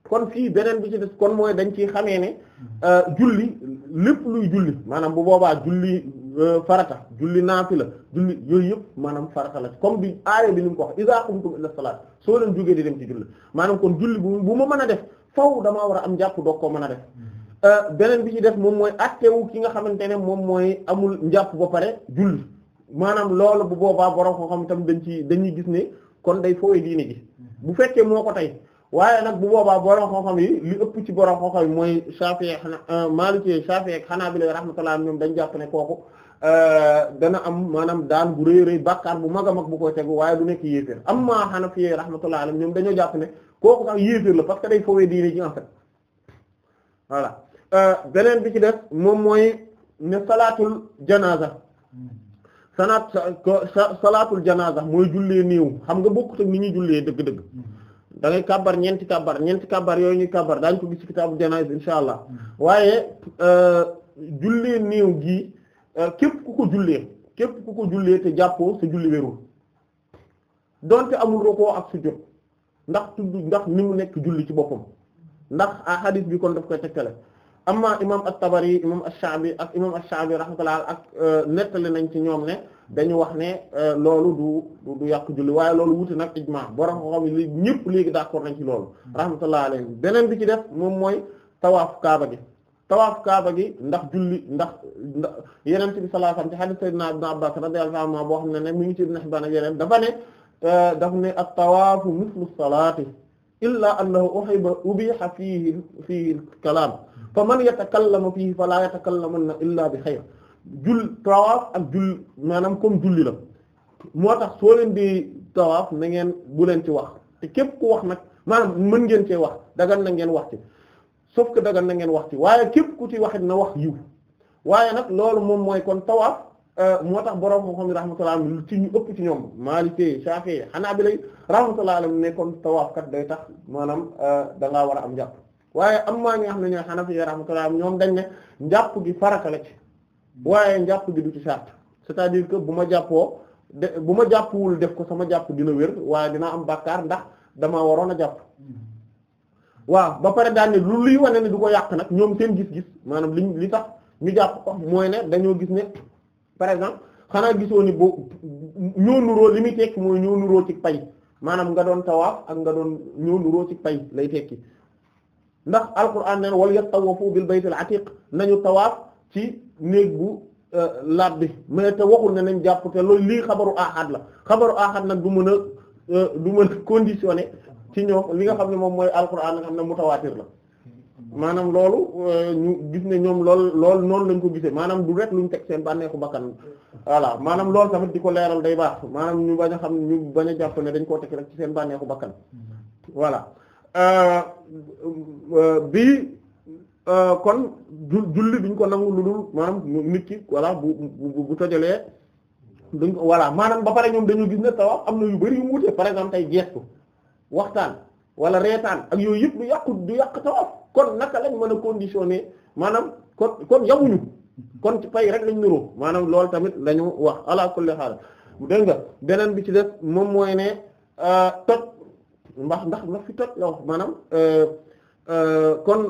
kon fii beneen bi ci des kon mooy dañ ci xamee ne julli lépp luy julli maanaam bu boobaa julli Euh, farata julli naafila julli yooyu yëpp maanaam farata la comme bi aaya bi ni mu ko wax iza qumtum ila salaat soo leen jógee di dem ci julli maanaam kon julli bu bu ma mën a def faw damaa war a am jàpp doog koo mën a def mm-hmm. euh, beneen bi ci def moom mooy attewu ki nga xamante ne moom mooy amul njàpp ba pare julli maanaam loolu bu boobaa borom ko xam tam dañ ci dañuy gis ne kon day fooy diine gi mm-hmm. bu fekkee moo ko tey waaye nag bu boobaa borom xam-xam yi li ëpp ci borom xam-xam yi mooy Shafi'i xanaa euh, Maliki Shafi'i ak Hanabila rahmatullah ñoom dañ jàpp ne kooku Euh, dana am maanaam daan bu rëy rëy bàkkaar bu mag a mag bu koy tegu waaye du nekk yéeféer am maa Hanafiyya rahmatullah alayhim ñoom dañoo jàpp ne kooku sax yéeféer la parce que day fowee diine ji en fait voilà euh, beneen bi ci def moom mooy ne salaatul janaza sanaat salaatul janaza mooy jullee néew xam nga bokkut ak ni ñuy jullee dëgg-dëgg mm-hmm. da ngay kàbbar ñeenti kàbbar ñeenti kàbbar yooyu ñuy kàbbar daañu ko gis ci kitaabu janaaz insha allah mm-hmm. waaye euh, jullee néew gi Euh, képp ku ko jullee képp ku ko jullee te jàppoo sa julli wérul donte amul rukoo ak sujjóot ndax tudd ndax ni mu nekk julli ci boppam ndax a ah, hadith bi kon daf koy tekkale amma imam ak tabari imam ash-Sha'bi ak imam ash-Sha'bi rahmatullah ak euh, nettali nañ ci ñoom ne dañu wax ne euh, loolu du du yàq julli waaye loolu wuti nag ijma borom xam li ñëpp léegi d'accord nañ ci loolu rahmatullah alayhi beneen bi ci def moom mooy tawaaf kaaba gi tawaaf kaaba gi ndax julli ndax ndax yeneen bi sallallahu alayhi wasallam ci hadith sayyidina ibn Abbas radiyallahu anhu boo xam ne ne mu ngi ci Ibn Hibban ak yeneen dafa ne eh, daf ne at-tawaafu mislu salaati illaa annahu uhiba ubiha fiihi fiihi al-kalaam fa man yatakallamu fiihi falaa yatakallamanna illaa bi xayr jull tawaaf ak jull maanaam comme julli la moo tax soo leen di tawaaf na ngeen bu leen ci wax te képp ku wax nag maanaam mën ngeen cee wax dagan na ngeen wax ci sauf que dagan na ngeen wax ci waaye képp ku ci waxit na wax yiw waaye nag loolu moom mooy kon tawaaf euh, moo tax borom moo xam ne rahmatullah ci ñu ëpp ci ñoom Maliki Shafi Hanabila rahmatullah alam ne kon tawaaf kat day tax maanaam euh, da ngaa war a am jàpp waaye am maa ñi nga xam ne ñooy Hanafi rahmatullah ñoom dañ ne njàpp gi faraka la ci waaye njàpp gi du ci sart c'est-à-dire que bu ma jàppoo de bu ma jàppwul def ko sama jàpp dina wér waaye dina am bàkkaar ndax damaa waroon a jàpp waaw ba pare daan ne lu luy wane ne du ko yàq nag ñoom seen gis-gis maanaam liñ li tax ñu jàpp ko mooy ne dañoo gis ne par exemple xanaa gisoo ni boo ñoo nuroo li muy tekki mooy ñoo nuroo ci pay maanaam nga doon tawaaf ak nga doon ñoo nuroo ci pay lay tekki ndax alquran neen wal yattawafu bil baytil atiq nañu tawaaf ci néeg bu euh, laab bi mais te waxul ne nañ jàpp te loolu lii xabaru ahad la xabaru ahad nag du mën a euh, du mën a conditionné ci ñoom li nga xam ne moom mooy alquran nga xam ne mutawaatir la maanaam loolu euh, ñu gis ne ñoom lool lool noonu lañ ko gisee maanaam du rek luñ teg seen bànneexu bakkan voilà maanaam loolu tamit di ko leeral day baax maanaam ñu bañ a xam ñu bañ a jàpp ne dañ koo teg rek ci seen bànneexu bakkan voilà euh, euh, bi kon julli duñ ko nangu lu dul maanaam nit ki voilà bu bu bu tojalee duñ ko voilà maanaam ba pare ñoom dañu gis ne taw am na yu bari yu mu wute par exemple tey gestu waxtaan wala reetaan ak yooyu yëpp du yàqu du yàq tawaaf kon naka lañ mën condition ne maanaam kon kon yamuñu kon ci pay rek lañ niroo maanaam loolu tamit lañu wax ala kulli xaal dégg nga beneen bi ci def moom mooy ne euh, toj mbax ndax ndax fi toj la wax maanaam euh, euh, kon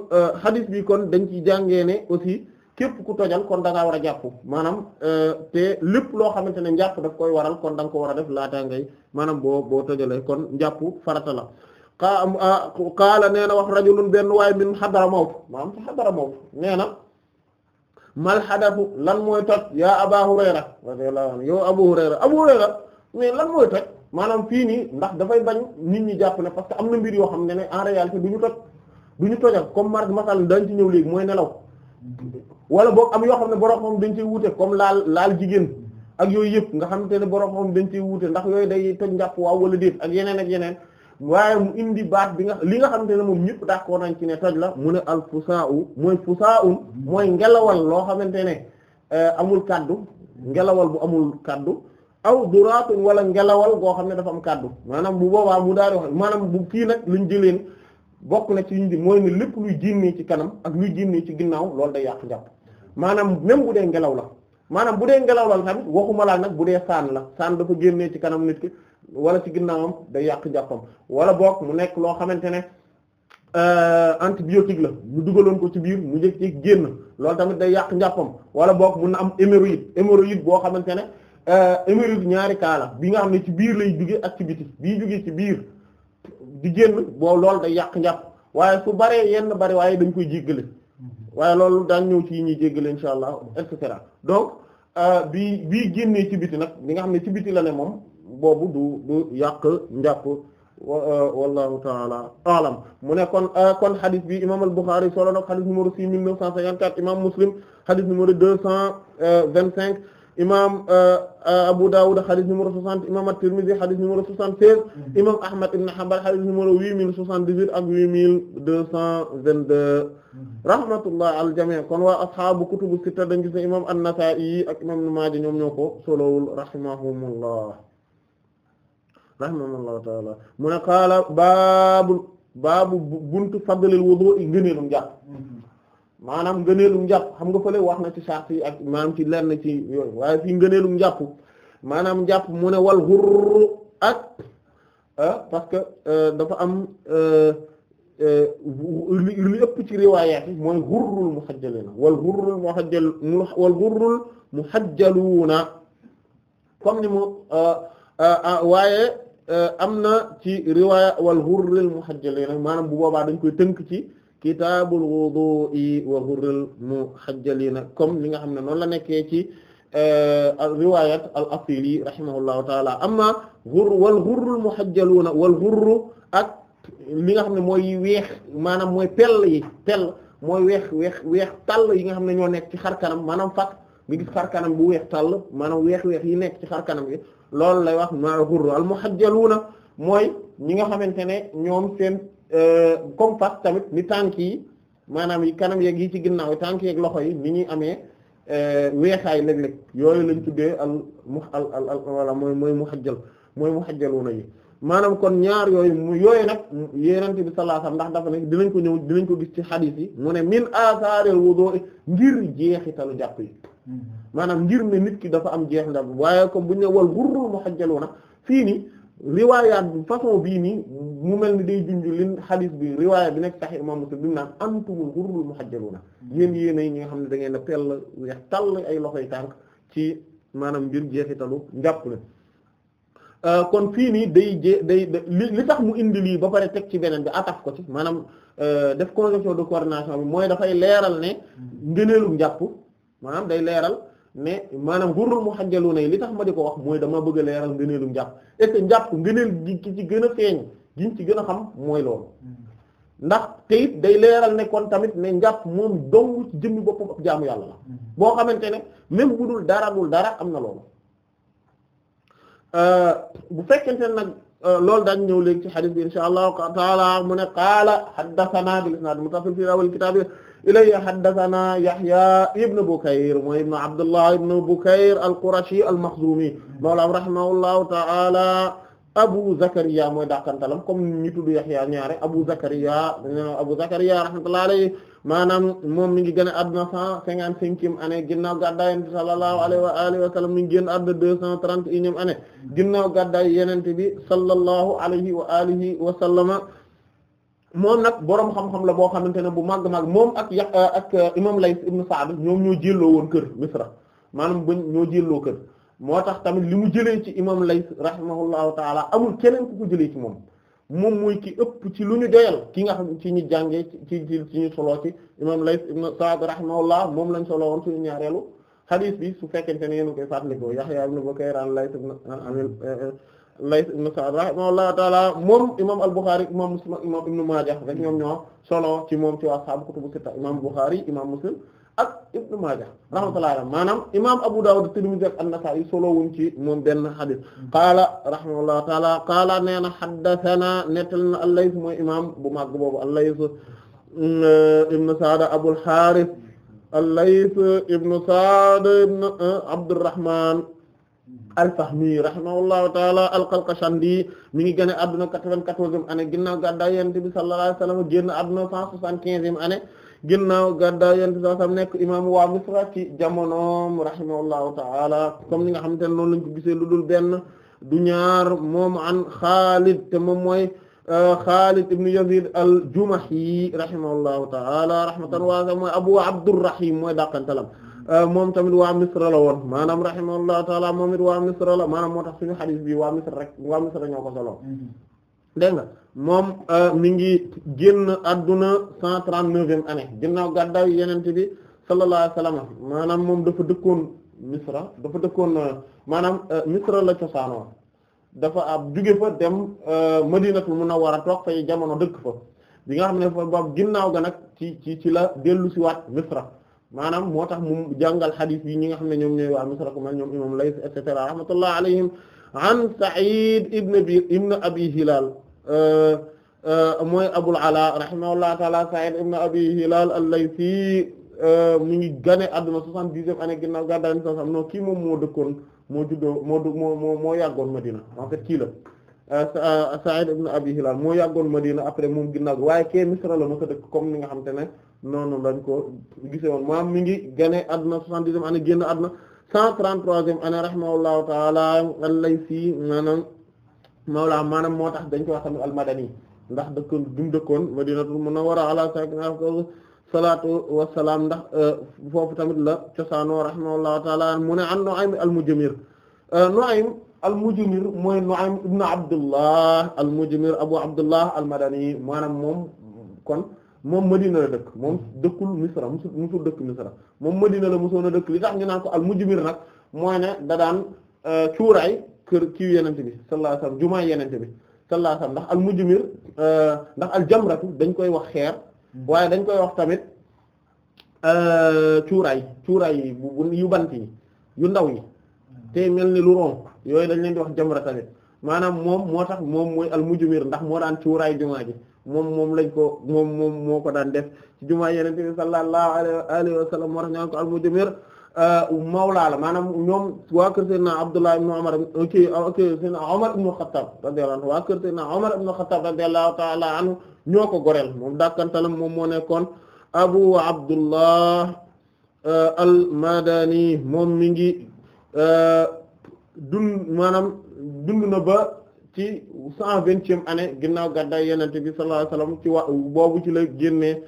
hadith bi kon dañ ci jàngee ne aussi képp ku tojal kon da ngaa war a jàpp maanaam euh, te lépp loo xamante ne njàpp daf koy waral kon da nga ko war a def laataa ngay maanaam boo boo kon njàpp farata la aa qaala ah, nee na wax rajulun benn waaye min Hadramawt maanaam sa Hadramawt nee na mal xadafu lan mooy toj yaa Aba Hurayra radiyallahu anhu yow Abu Hurayra Abu Hurayra mais lan mooy maanaam fii nii ndax dafay bañ nit ñi jàpp ne parce que am na mbir yoo xam ne ne en réalité du ñu toj du ñu tojal comme ma masal dañ ci ñëw léegi mooy nelaw wala boo am yoo xam ne borom moom dañ ciy wuute comme laal laal jigéen ak yooyu yëpp nga xamante ne borom moom dañ ciy wuute ndax yooyu day toj njàpp waaw wala déet ak yeneen ak yeneen waaye mu indi baat bi nga li nga xamante ne moom ñëpp d'accord nañ ci ne toj la mu ne al fusaa'u mooy fusaa'un mooy ngelawal loo xamante ne eh, amul kaddu ngelawal bu amul kaddu aw duraatun wala ngelawal goo xam ne dafa am kàddu maanaam bu boobaa mu daal di maanaam bu kii nag luñ jëleen bokk na ci mooy ne lépp luy génnee ci kanam ak luy génnee ci ginnaaw loolu day yàq njàpp maanaam même bu dee ngelaw la maanaam bu dee ngelaw la tamit waxuma laa nag bu dee saan la saan dafa génnee ci kanam nit ki wala ci ginnaawam day yàq jàppam wala boog mu nekk loo xamante ne euh, antibiotique la ñu dugaloon ko ci biir mu jëkk génn loolu tamit day yàq njàppam wala boog mun na am hémorroïde hémorroïde boo xamante ne euh, hémorroïde ñaari kaala bi nga xam ne ci biir lay jugee ak ci bii jugee ci biir di génn boo lool day yàq njàpp waaye su baree yenn bari waaye dañ koy jéggale waaye loolu daan ñëw ci yi ñuy jéggal insha allah et cetera donc euh, bi bii génnee ci biti nag li nga xam ne ci biti la ne moom boobu du du yàq njàpp euh, wallahu taala alam mu ne kon euh, kon xadis bi imam al-Bukhari solo nag xadis numéro six mille neuf cent cinquante-quatre imam Muslim xadis numéro deux cent vingt-cinq imam uh, uh, Abu Dawud xadis numéro 60 imam At-Tirmidhi xadis numéro 76 imam Ahmad ibn Hanbal xadis numéro 8078 ak 8222 mhm. rahmatullah al jami' kon waa ashabu kutubu sitta dañ gis ne imam An-Nasa'i ak imam Ibn Maaja ñoom ñoo ko solowul rahimahumullah rahimahumullah ta'ala mu ne qaala baabu buntu fadlil wudu'i ngëneelum jàpp mhm. maanaam ngëneelum njàpp xam nga fële wax na ci sart yi ak maanaam leen na ci yooyu waaye fii ngëneelum njàpp maanaam njàpp mu ne wal xurr ak ah, parce que euh, dafa am euh, euh, li ëpp ci riwaayaat yi mooy xurrul muhajjaluna wal xurrul muhajjal wal xurrul muhajjaluna comme ni mu waaye am na ci riwaaya wal xurrul muhajjaluna maanaam bu boobaa dañ koy tënk ci kitaabul wudu'i wa hurril muhajjalina comme li nga xam ne noonu la nekkee ci euh, riwayat al asili rahimahullahu taala amma hurr wal hurrul muhajjaluna wal hurru ak li nga xam ne mooy weex maanaam mooy pell yi pel mooy weex weex weex tàll yi nga xam ne ñoo nekk ci xar kanam maanaam fat bi gis xar kanam bu weex tàll maanaam weex-weex yi nekk ci xar kanam bi loolu lay wax ma hurr al muhajjaluna mooy ñi nga xamante ne ñoom seen Euh, comme fas tamit ni tànk yi maanaam yi kanam yee yi ci ginnaaw tànk yeeg loxo yi ni ñuy amee euh, weexaay léeg-léeg yooyu lañ tuddee al mu al al wala mooy mooy mu xajjal mooy mu xajjaluna yi maanaam kon ñaar yooyu mu yooyu nag yonent bi sallallahu alayhi wasallam ndax dafa ne dinañ ko ñëw dinañ ko gis ci xadiis yi mu ne min asaaril wudu ngir jeexitalu jàpp yi hmm. maanaam ngir ne nit ki dafa am jeex ndax waaye comme bu ñu ne wal ghurrul mu xajjaluna fii nii. riwaayaat bi façon bii nii mu mel ni day junj lin xadis bi riwaaya bi nekk Sahih Imam Muslim bi mu naan antumul ghurrul muhajjaluna yéen yéenay ñi nga xam ne da ngeen a pell weex tàll ay loxoy tànk ci maanaam mbir jeexitalu njàpp la euh, kon fii nii day jee day li li tax mu indi lii ba pare teg ci beneen bi ataf ko ci maanaam euh, def conjonction de coordination bi mooy dafay leeral ne hmm. ngëneelu njàpp maanaam day leeral ne maanaam xurul mu xàjjalu na li tax ma di ko wax mooy dama bëgg a leeral ngëneelu njàpp est ce que njàpp ngëneel gi ci gën a feeñ giñ ci gën a xam mooy loolu mm-hmm. ndax te day leeral ne kon tamit ne njàpp moom dong ci jëmmi boppam ak jaamu yàlla la mm-hmm. boo xamante ne même bu dul dara dul dara am na loolu euh, bu fekkente ne nag euh, loolu daañ ñëw léegi ci xadis bi insha allahu taala mu ne qaala xaddasanaa bil isnaad muttasil fi awal kitaab ilayya haddathana Yahya ibn Bukayr mooy ibn Abdullah ibn Bukayr al-Qurashi al-Makhzumi mawla rahimahullahu ta'ala Abu Zakariya mooy dàqantalam comme ñi tudd Yahya ñaare Abu Zakariya Abu Zakariya rahmatullahi alayhi maanaam moom mi ngi gën a àdduna cent cinquante-cinquième année ginnaaw gàddaay yonent bi sallallahu alayhi wa alihi wa sallam mi ngi génn àdduna deux cent trente et unième année ginnaaw gàddaay yonent bi sallallahu alayhi wa alihi wa sallama moom nag boroom xam-xam la boo xamante ne bu màgg màgg moom ak yàq euh, ak euh, imam Lays ibn Sa'd ñoom ñoo jëlloo woon kër Misra maanaam buñ ñoo jëlloo kër moo tax tamit li mu jëlee ci imam Lays rahimahullahu taala amul keneen ku jëlee ci moom moom mooy ki ëpp ci lu ñu doyal ki nga xam ci ñu jàngee ci ci ci ñu soloo ci imam Lays ibn Sa'd rahimahullah moom lañ solo woon suñu ñaareelu xadiis bi su fekkente ne yéen a koy fàttalikoo Yahya ibn Bukayr an Lays ibn Layth ibn Sa'd rahimahullahu taala moom imam al-Bukhari imam Muslim imam Ibn Maaja rek ñoom ñoo solo ci moom ci ashaabu kutubu sitta imam Bukhari imam Muslim ak Ibn Maaja rahmatullahi alayhi maanaam imam Abu Dawud Tirmidhi ak An-Nasa'i solo wuñ ci moom benn xadis qaala rahimahullahu taala qaala nee na haddathana nettal na al-Layth mooy imam bu màgg boobu al-Layth mm, ibn Sa'd Abul Harith al-Layth ibn Sa'd ibn uh, Abdurrahman al-Fahmi rahimahullahu taala al-Qalqashandi mi ngi génn àdduna 94e année ginnaaw gàddaay Yonent bi sallallahu alayhi wa sallam génn àdduna 175e année ginnaaw gàddaay sallam nekk imaamu waa Misra ci jamonoom rahimahullahu taala comme ni nga xamante ne noonu lañ ko lu dul benn du ñaar moom an Xaalid te moom mooy euh, Xaalid ibn Yazid al-Jumahi rahimahullahu taala rahmatan waasi'a mooy Abu Abdurrahim mooy dàqantalam Euh, moom tamit waa Misra la woon maanaam rahimahullahu taala moom it waa Misra la maanaam moo tax suñu xadiis bi waa Misra rek waa Misra ñoo ko solo mhm. dégg nga moom euh, mi ngi génn adduna cent trente-neuvième année ginnaaw gàddaaw yeneen bi sallallahu alayhi wa sallam maanaam moom dafa dëkkoon Misra dafa dëkkoon euh, maanaam Misra la cosaanoo dafa ab juge fa dem Madinatul a toog yi jamono dëkk fa bi nga xam ne fa ba ginnaaw ga nag ci ci ci la dellu si waat Misra maanaam moo tax mu jàngal xadiis yi ñi nga xam ne ñoom ñooy waa Misra ko mel ñoom imam Layth et cetera alayhim an Sa'id ibn ibn Abi Hilal euh, euh, mooy Abul Ala rahimahullah taala Sa'id ibn Abi Hilal al-Laythi euh, mu ngi gane àdduna soixante-dixième année ginnaaw gàddaay Yonent bi sallallahu alayhi wasallam non kii moom moo dëkkoon moo juddoo moo moo moo yàggoon Madina en fait kii la Sa'id ibn Abi Hilal moo yàggoon Madina après moom ginnaaw waaye kee Misra la mos dëkk comme ni nga xam te ne noonu lañ ko gise woon maam mi ngi gane àdduna soixante-dixième année génn àdduna cent trente-troisième année rahimahullahu ta'ala al-Laysi maanaam mawla maanaam moo tax dañ ko wax tamit al-Madani ndax dëkkoon dum dëkkoon Madinatul Munawwara ala saakinihaa salaatu wa ndax euh, foofu tamit la cosaanoo rahimahullahu ta'ala mu ne an Nu'aym al-Mujmir euh, al-Mujmir mooy Nu'aym ibn Abdullah al-Mujmir Abu Abdullah al-Madani maanaam moom kon moom Madina la dëkk moom dëkkul Misra musul musul dëkk Misra moom Madina la musoon a dëkk li tax ñu naan ko al-Mujmir nag mooy ne da daan euh, cuuraay kër kii yenente bi sallallahu alayhi wasallam jumaa yenente bi sallallahu alayhi wasallam ndax al-Mujmir euh, ndax al-jamratu dañ koy wax xeer hmm. waaye dañ koy wax tamit euh, cuuraay cuuraay yu bant yi yu ndaw yi tey mel ni lu ron yooyu dañ leen di wax jamra tamit maanaam moom moo tax moom mooy al mujmir ndax moo daan cuuraay jumaa moom moom lañ ko moom moom moo ko daan def ci jumaa yeneen bi sallallahu alayhi wa sallam euh, maanaam ñoom waa kër Seydina Abdullah ibn Umar ki Seydina Umar ibn Khattab radiyallahu anhu waa kër Seydina ñoo ko goreel moom dàkkantalam moom moo nekkoon Abu Abdullah euh, al moom mi Euh, dund maanaam dund na ba ci cent vingtième année ginnaaw gàddaay yenente bi sallallahu alayhi wasallam ci wa boobu ci la génnee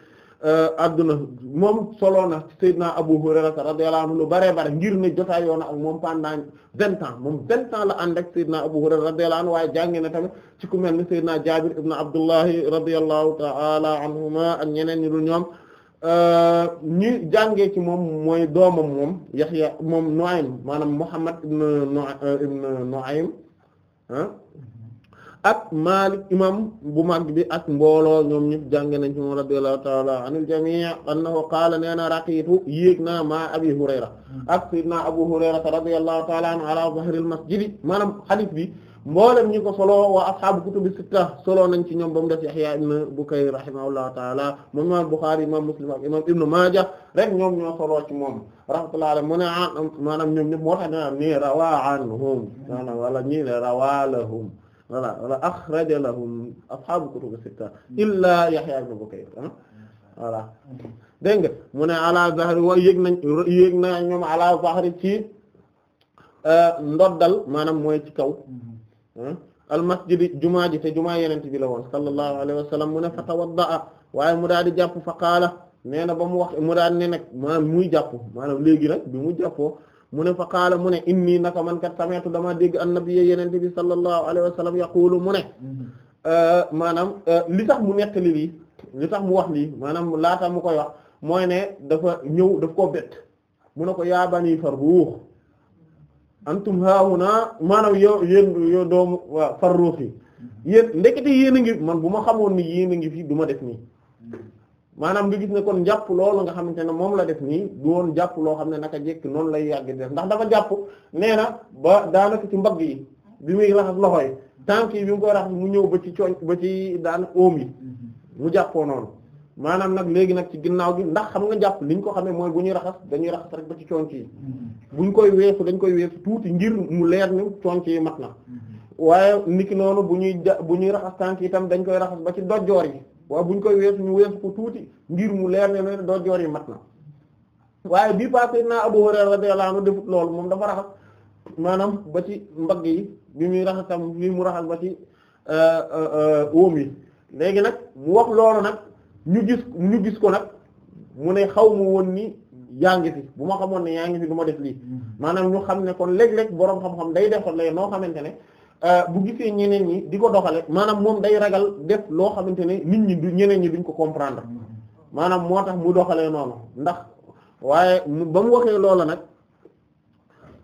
adduna euh, moom solo na Seydina Abu Hurayra radiyallahu anhu lu bare bare ngir ne jotaayoo na ak moom pendant vingt ans moom vingt ans la ànd ak Seydina Abu Hurayra radiyallahu anhu waaye jàngee na tamit ci ku mel ne Seydina Jaabir ibn Abdullahi radiyallahu ta'ala anhuma ak ñeneen ñi ñoom ñi jàngee ci moom mooy doomam moom Yahya moom Nu'aym maanaam Muhammad ibn Nu'aym euh, ah, ak Malik imam bu mag bi ak mbooloo ñoom ñëpp jànge nañ ci moom radiyallahu ta'ala anil jami' annahu qaala nee na raqiitu yéeg naa maa Abi Hurayra ak sayyidina Abu Hurayra radiyallahu ta'ala anhu ala zahril masjid maanaam hadith bi mboolem ñi ko solo wa ashaabu kutubi sitta solo nañ ci ñoom ba mu def Yahya ibn Bukayr rahimahullahu taala moom imaam Bukhari imaam Muslim Ibn Maaja rek ñoom ñoo solo ci moom rahmatullahi alayhi mu ne an ah, maanaam ñoom ñëpp moo tax ne nii rawaa lahum wala wala lahum ashaabu kutubi sitta illaa Yahya ibn Bukayr ah, voilà dégg nga mu ne ala zahri wa na ñoom ala zahri ci euh, ndoddal maanaam mooy ci kaw Hmm? al masjidi jumaa ji te jumaa yenente bi la woon sallallahu alayhi wa sallam mu ne fa a waaye mu daal di jàpp fa qaala nee na ba mu wax mu daal ne nag muy jàpp maanaam léegi nag bi mu jàppoo mu ne fa qaala mu ne inni naka man kat sameetu damaa dégg annabiyya yenente bi sallallahu alayhi wa sallam yaqulu mu ne euh, maanaam euh, li tax mu nettali lii li tax mu wax lii maanaam laata mu koy wax mooy ne dafa ñëw daf koo bett mu ne ko yaa bani Farrukh antum naa maanaam yow yéen yow doomu waa farruux yi yéen ndekete yéen a ngi man bu ma xamoon ni yéen a ngi fi du ma def nii maanaam nga gis ne kon jàpp loolu nga xamante ne moom la def nii du woon jàpp loo xam ne naka jekk noonu lay yàgg def ndax dafa jàpp nee na ba daanaka ci mbagg yi bi muy raxas loxo yi tànk yi bi mu koy raxas mu ñëw ba ci cooñ ba ci daan omi mu jàppoo noonu maanaam nag léegi nag ci ginnaaw gi ndax xam nga jàpp li ñu ko xamee mooy bu ñuy raxas dañuy raxas rek ba ci conc yi mm-hmm. buñ koy weesu dañ koy weesu tuuti ngir mu leer ni conc yi na mm-hmm. waaye niki noonu bu ñuy ja bu ñuy raxas tànk itam dañ koy raxas ba ci dojjoor yi waaye buñ koy weesu ñu weesu ko tuuti ngir mu leer ne ne dojjoor yi mat na waaye bii passé naa Abu Hurayra radiyallahu anhu defut loolu moom dafa raxas maanaam ba ci mbagg yi bi muy raxas tam bi mu raxas ba ci wóom euh, euh, euh, yi léegi nag mu wax loolu nag ñu gis ñu gis ko nag mu ne xaw ma woon nii yaa ngi fi bu ma xamoon ne yaa ngi fi du ma def lii mm-hmm. maanaam ñu xam ne kon léeg-léeg boroom xam-xam day def lay noo xamante ne euh, bu gisee ñeneen di ko doxale maanaam moom day ragal loo xamante ne nit ñi du ñeneen ñi duñ ko comprendre mm-hmm. maanaam moo tax mu doxalee noonu ndax waaye ba mu waxee loola nag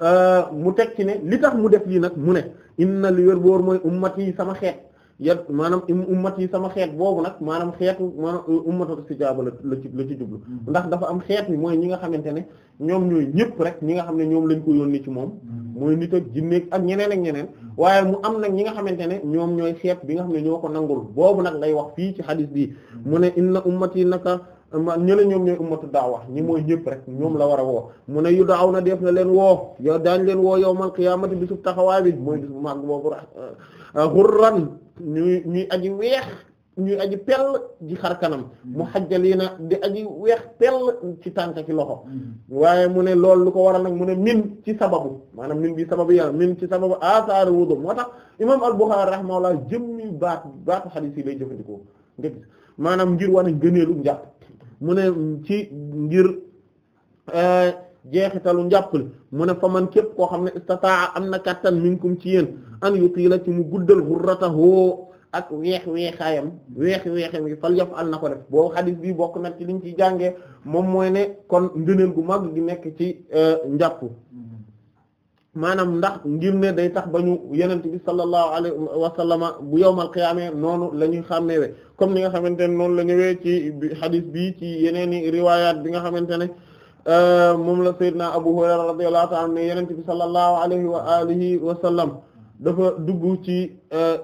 euh, mu teg ci ne li tax mu def lii nag mu ne na li wér boor mooy ummati sama xeet yet maanaam ummat yi sama xeet boobu nag maanaam xeetu maanaam ummatul istijaaba la la ci la ci jublu mm-hmm. ndax dafa am xeet mi mooy ñi nga xamante ne ñoom ñooy ñëpp rek ñi nga xam ne ñoom lañ ko yónni ci moom mm-hmm. mooy nit ak jinne ak ñeneen ak ñeneen mm-hmm. waaye mu am nag ñi nga xamante ne ñoom ñooy xeet bi nga xam ne ñoo ko nangul boobu nag lay wax fii ci hadith bi mu ne na inna ummati naka man ñi la ñoom ñooy ummatu daawa ñi mooy ñëpp rek ñoom la war a woo mu ne yu daaw na def na leen woo yow daañ leen woo yawmal qiyaamati bisub taxawaay bi mooy bis bu màgg boobu xurran uh, ñuy ñuy aji weex ñuy aji pell ji xar kanam mu xajjaliina di aji weex pell ci tànk ci loxo mm-hmm. mu ne loolu lu ko waral nag mu ne min ci sababu maanaam min bi sababu ya min ci sababu asaari wudu moo tax imaam al-Bukhârî rahimahullah jëmmi baat baatu xadiis yi lay jëfandikoo nga gis maanaam ngir wane gëneelu njàpp mu ne ci ngir e, jeexitalu njàppal mu ne fa man képp koo xam ne istataa am na kàttan kattan minkum ci yéen an yutila ci mu guddal xurratahu ak weex weexaayam weex weexam yi fal yaf al na ko def boobu xadis bi bokk na ci liñ ci jàngee moom mooy ne kon ngëneel gu mag gi nekk ci e, njàpp maanaam ndax ngir ne day tax ba ñu yenent bi sallallahu alayhi wa sallama bu yowmal qiyaama noonu la ñuy xàmmeewe comme ni nga xamante ne noonu la ñëwee ci xadis bi ci yeneeni riwaayaat bi nga xamante ne euh, moom la sayyidina Abu Hurayra radiyallahu am ne yenent bi sallallahu alayhi wa alihi wa sallam dafa dugg ci euh,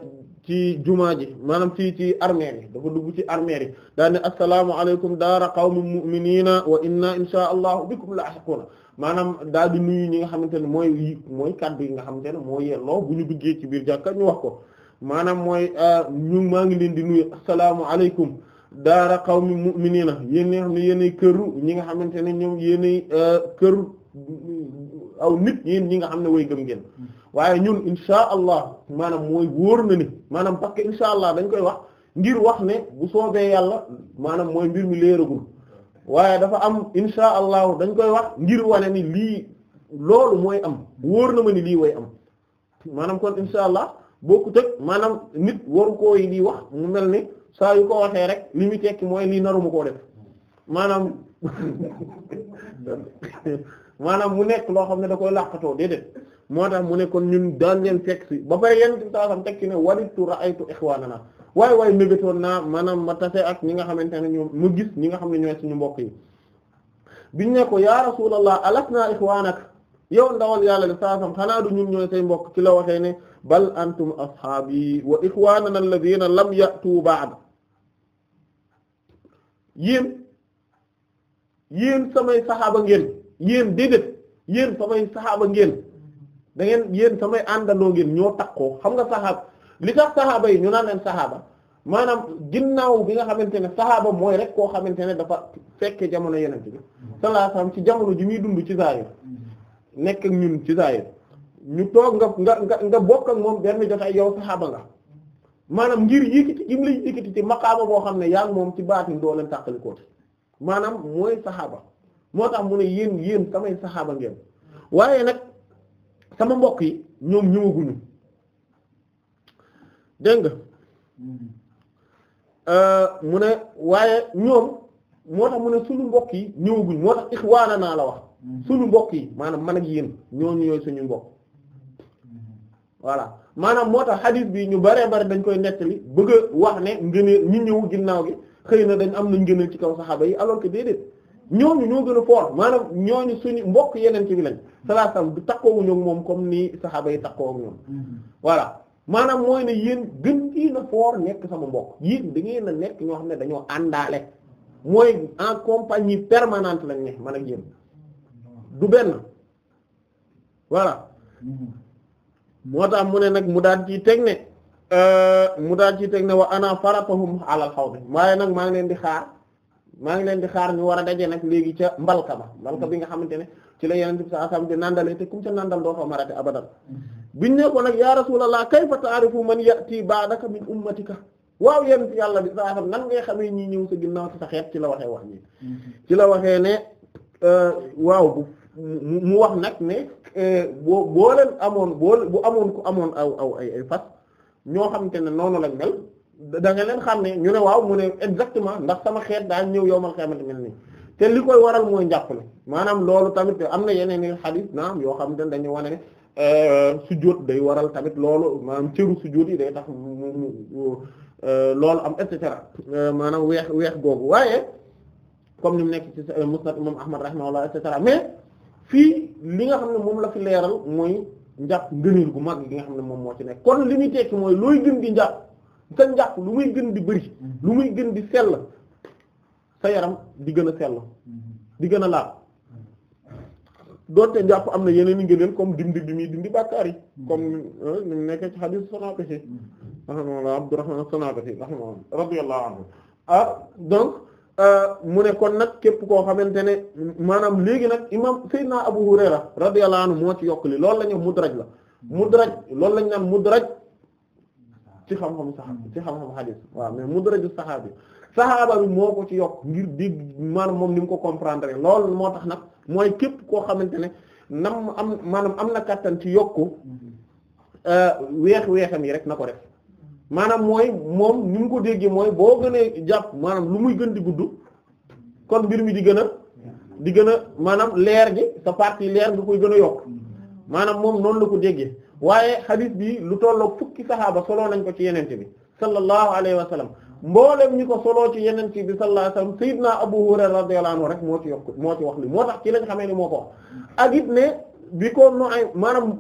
ci jumaa ji maanaam ci ci armeer yi dafa dugg ci armeer yi daa ne assalaamu alaykum daara qawmin mu'minina wa inna inshaa allahu bikum lahiquna maanaam daal di nuyu ñi nga xamante ne mooy mooy kaddu yi nga xam ne moo yelloo bu ñu duggee ci biir jàkka ñu wax ko maanaam mooy ah, ñu maa ngi leen di nuyu asalaamu aleykum daara qawmi mu'minina yéen ñi nga xam ne yéenay këru ñi nga xamante ne ñoom yéenay ah, këru mm, aw nit yéen ñi nga xam ne way gëm ngeen waaye ñun inshaa allah maanaam mooy wóor na ni maanaam parce que allah dañ koy wax ngir wax ne bu soobee yàlla maanaam mooy mbir mi leeragul waaye dafa am insha allahu dañ koy wax ngir wane ni lii loolu mooy am wóor na ma ni lii woy am maanaam kon insha allah boo bokkut ak maanaam nit waru koo yi di wax mu mel ni saa yu ko waxee rek li mu tekki mooy lii naruma koo def maanaam [laughs] maanaam mu nekk loo xam ne da koy làqatoo déedéet moo tax mu ne kon ñun daan leen fekk si ba pare yenn saa sam tekki ne walittu ra'aytu ikhwanana waaye waaye mébétoon naa maanaam ma tase ak ñi nga xamante ne ñoom ma gis ñi nga xam ne ñoo suñu mbokk yi biñ ne ko yaa rasulallah alasna ixwaanak yow ndawal yàlla li saasam xanaa du ñun ñooy say mbokk ci la waxee ne bal antum ashaabi wa ixwaanana alladhina lam ya'tu ba'd yéen yéen samay saxaaba ngeen yéen déedéet yéen samay saxaaba ngeen da ngeen yéen samay àndandoo ngeen ñoo takkoo xam nga saxaab li tax saxaaba yi ñu naan leen saxaaba maanaam ginnaaw bi nga xamante ne saxaaba mooy rek koo xamante ne dafa fekke jamono yenente bi sallallahu alayhi ci jamono ji muy dund ci zahir nekk ak ñun ci zahir ñu toog nga nga bokk ak moom benn jotaay yow saxaaba nga maanaam ngir yëkkati gi mu lay yëkkati ci maqaama boo xam ne yaa moom ci baatin doo leen tàqalikooti maanaam mooy saxaaba moo tax mu ne yéen yéen samay saxaaba ngeen waaye nag sama mbokk yi ñoom ñëwaguñu dégg nga mm-hmm. euh, mu ne waaye ñoom moo tax mu ne suñu mbokk yi ñëwaguñ moo tax ixwaana naa la wax mm-hmm. suñu mbokk yi maanaam man ak yéen ñooñu ñooy suñu mbokk mm-hmm. voilà maanaam moo tax xadiis bi ñu bare bari dañ koy nettali bëgg wax ne ngëneel ñu ñëw ginnaaw gi xëy na dañ am nañ ngëneel ci kaw saxaaba yi alors que déedéet ñooñu ñoo gën a fort maanaam ñooñu suñu mbokk yeneen ci bi lañ sallallahu alayhi wasallam moom comme ni saxaaba yi takkoo ak ñoom voilà maanaam mooy ne yéen gën kii na foor nekk sama mbokk yéen da ngeen a nekk ñoo xam ne dañoo àndaale mooy en compagnie permanente lañ ne man ak yéen du benn voilà moo tax mu ne nag mu daal ci teg ne euh, mu daal ci teg ne wa ana faratahum alal xawdi waaye nag maa ngi leen di xaar maa ngi leen di xaar ñu war a daje nag léegi ca mbalka ma mbalka bi nga xamante ne ci la yeneen bi saa saam di nandale te kum ca nandal doo fa marate abadan mm-hmm. biñ ne ko nag ya rasulallah kayfa ta'rifu man ya'ti ba'daka waaw yéen yàlla bi saa nan ngay xamee ñii ñëw sa ginnaaw ci sa xeet ci la waxee wax ji mm-hmm. ci la waxee ne euh, waaw bu mu wax nag ne euh, boo boo leen amoon boo bu amoon ku amoon aw aw ay ay fas ñoo xamante ne noonu lañ mel da nga leen xam ne ñu ne waaw mu ne exactement ndax sama xeet daañ ñëw yowmal xeamante mel nii te li koy waral mooy njàppale maanaam loolu tamit am na yeneen i xadis naam yoo xam ne dañu wane ne euh, sujjóot day waral tamit loolu maanaam cëru sujjóot yi day tax mu euh, loolu am et cetera euh, maanaam weex weex googu waaye comme ni mu nekk ci musnad imam ahmad rahimahullah et cetera mais fii li nga xam ne moom la fi leeral mooy njàpp ngëneel gu mag gi nga xam ne moom moo ci nekk kon li muy tekki mooy looy gën di njàpp sa njàpp lu muy gën di bëri lu muy gën di sell te yaram di gën a sell mm-hmm. di gën a laab doonte njàpp am na yeneen i ngëneel comme dindi bi muy dindi bàkkaar yi mm-hmm. comme ñu euh, nekk ci hadith Sanabisi mm-hmm. rahimahullah Abdurrahman Sanabisi rahimahullah radiyallahu anhu ah donc euh, mu ne kon nag képp koo xamante ne maanaam léegi nag imam Seydina Abu Hurayra radiyallahu anhu moo ci yokk li loolu la ñu mudraj la mudraj loolu lañ naan mudraj ci xam-xam saxaabi ci xam-xam hadith waaw mais mudraju saxaabi saxaaba bi moo ko ci yokk ngir dégg maanaam moom ni mu ko comprendre loolu moo tax nag mooy képp koo xamante ne nam am maanaam am na kàttan ci yokku euh, weex weexam yi rek na ko def maanaam mooy moom ni mu ko déggee mooy boo gënee jàpp maanaam lu muy gën di gudd kon mbir mi di gën a di gën a maanaam leer gi sa partie leer nga koy gën a yokk maanaam moom noonu la ko déggee waaye hadith bi lu tollook fukki saxaaba solo nañ ko ci yenente bi sallallahu alayhi wa mboolem ñi ko soloo ci yeneen ci bi sallallahu alayhi wasallam sayyidna Abu Hurayra radiyallahu anhu rek moo ci yokk moo ci wax li moo tax ci lañ xamee ni moo ko ak it ne bi ko no ay maanaam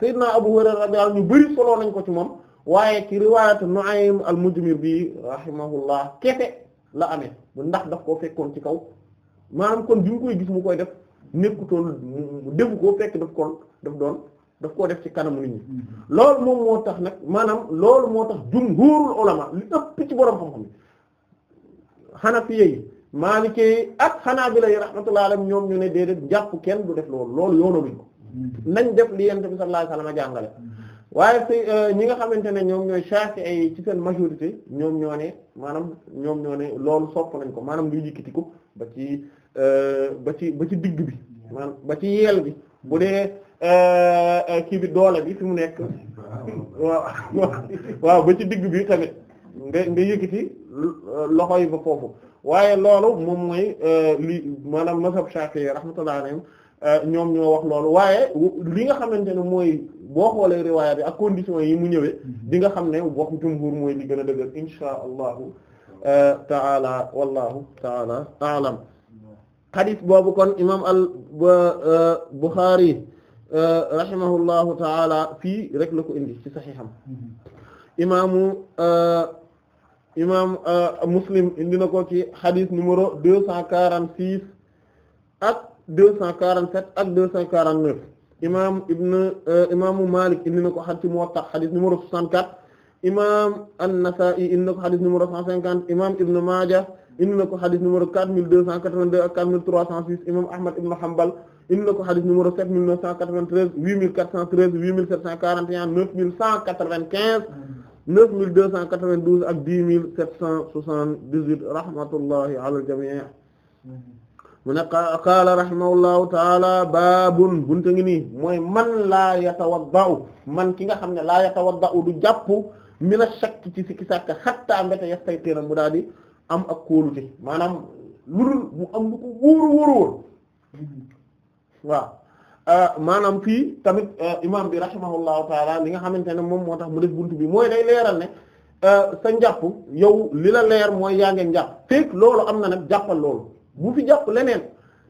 sayyidna Abu Hurayra radiyallahu anhu ñu bari soloo nañ ko ci moom waaye ci riwaayat Nu'aym al-Mujmir bi rahimahullah kete la amee ndax daf koo fekkoon ci kaw maanaam kon bi mu koy gis mu koy def nekkutoon defu ko fekk daf kon daf doon daf koo def ci kanamu nit ñi mm-hmm. loolu moom moo tax nag maanaam loolu moo tax jumhuurul ulama li ëpp ci borom xam-xam Hanafiyya yi Maalikee yi ak Hanaabila yi rahmatullahi alayhim ñoom ñu ne déedéet jàpp kenn du def loolu loolu yoonaluñ ko mm-hmm. nañ def li Yonent bi sallallahu alayhi wasallam jàngale mm-hmm. waaye si euh, ñi nga xamante ne ñoom ñooy Shafi'i ay ci seen majorité ñoom ñoo ne maanaam ñoom ñoo ne loolu sopp nañ ko maanaam luy yëkkati ko euh, ba ci ba ci ci digg bi maanaam ba ci yeel bi bu dee Euh, euh, kii bi doole bi fi mu nekk waaw [laughs] waaw ba ci digg bi tamit nga nga yëkkati loxo yi ba foofu waaye loolu moom mooy euh, li maanaam mazhab Shafi'i rahmatullahi alayhim ñoom ñoo wax loolu waaye li nga xamante ne mooy boo xoolee riwaaya bi ak conditions yi mu ñëwee di nga xam ne waxu jumhur mooy li gën a dëgër insha allahu taala wallahu taala alam xadis boobu kon imam al Bukhari Euh, rahimahullahu taala fii rek la ko indi ci saxiixam imaamu euh, imaam euh, Muslim indi na ko ci xadis numéro deux cent quarante six ak deux cent quarante sept ak deux cent quarante neuf imaam ibn imaamu Malik indi na ko xadis ci Muwatta xadis numéro soixante quatre imaam An-Nasa'i indi na ko xadis numéro cent cinquante imaam Ibn Maaja indi na ko xadis numéro quatre mille deux cent ibn Hanbal indi na ko xadis numéro 7 993 8413 8741 9195 9292 ak 10778 rahmatullahi ala al-jami' mu ne qaala rahimahullahu taala baabun bunta ngi nii mooy man laa yatawadda'u man ki nga xam ne laa yatawadda'u du jàpp mina shakk ci sikki sàkk xattaa mbéta yastayqina mu daal di am ak kóolute maanaam lu ko waaw euh, maanaam fii tamit euh, imaam bi rahimahullahu taala li nga xamante ne moom moo tax mu def bunt bi mooy day leeral ne euh, sa njàpp yow li la leer mooy yaa ngeen njàpp fekk loolu am na nag jàppal loolu bu fi jàpp leneen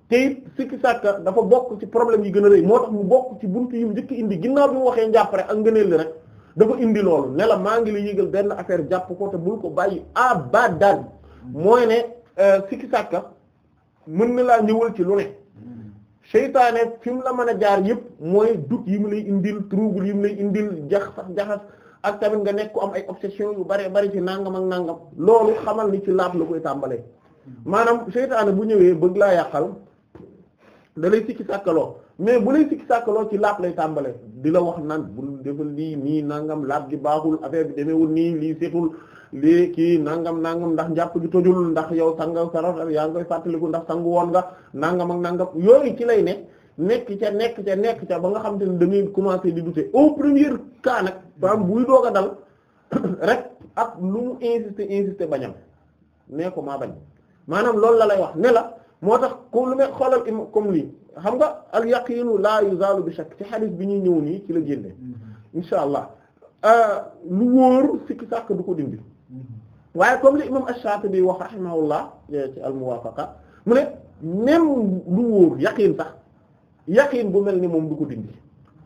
te it sikki sàkka dafa bokk ci problème yi gën a rëy moo tax mu bokk ci buntu yi mu njëkk indi ginnaaw bi mu waxee njàpp rek ak ngëneel li rek dafa indi loolu ne maa ngi la yégal benn affaire jàpp ko te bul ko bàyyi abadan mooy ne sikki sàkka mën na laa ñëwal ci lu seytaane fi mu la mën a jaar yëpp mooy dut yi mu lay indil trouble yi mu lay indil jaxas jaxas ak tamit nga nekk ku am ay obsession yu bare bari ci nangam ak nangam loolu xamal ni ci laab la koy tàmbalee maanaam seytaane bu ñëwee bëgg laa yàqal da lay sikki sàkkaloo mais bu lay sikki sàkkaloo ci laab lay tàmbalee di la wax nan bul defal lii nii nangam laab gi baaxul affaire bi demeewul nii lii setul lii kii nangam nangam ndax njàpp gi tojul ndax yow sangaw sarar yaa ngi koy fàttaliku ndax sangu woon nga nangam ak nangam yooyu ci lay ne nekk ca nekk ca nekk ca ba nga xam te ne da ngay commencer di douter au premier cas nag baam buy doog a dal [coughs] rek ak lu mu insister insister bañam nee ko maa bañ maanaam loolu la lay wax ne moo tax ku lu me xoolal comme lii xam nga al yaqinu yu yuzalu bi shakk ci hadith bi ñuy ñëw nii ci la génne mm-hmm. insha allah euh, lu wóor sikki sàkk du ko dindi Mhm. waaye comme li imam Ash-Shatibi wax rahimahullah eh, ci al mu ne même lu wóor yaqiin sax yaqiin bu mel ni moom du ko dindi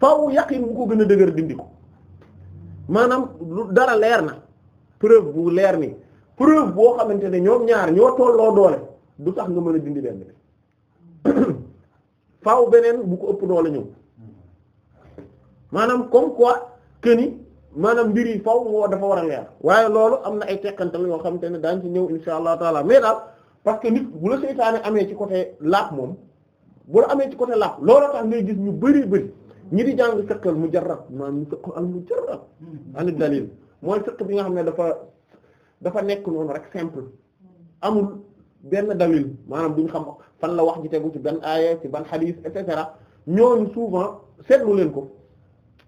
faaw yaqiin bu ko gën a dëgër dindi ko maanaam lu dara leer na preuve bu leer ni preuve boo xamante ne ñoom ñaar ñoo tolloo doole du tax nga mën a dindi benn [coughs] faw beneen bu ko ëpp doole ñëw maanaam comme quoi que ni maanaam mbir yi faw moo dafa war a leer waaye loolu am na ay teqantal yoo xam te ne daañ ci ñëw insha allah taala mais daal parce que nit bu la seytaane amee ci côté laap moom bu la amee ci côté laap looloo tax ngay gis ñu bëri bëri ñi di jàng fiqal mujarrad maanaam ñu fiq al mujarrad ani dalil mooy fiq bi nga xam ne dafa dafa nekk noonu rek simple amul benn dalil maanaam duñ xam fan la wax ji tegu ci ban aaya ci ban xadiis et cetera ñooñu souvent seetlu leen ko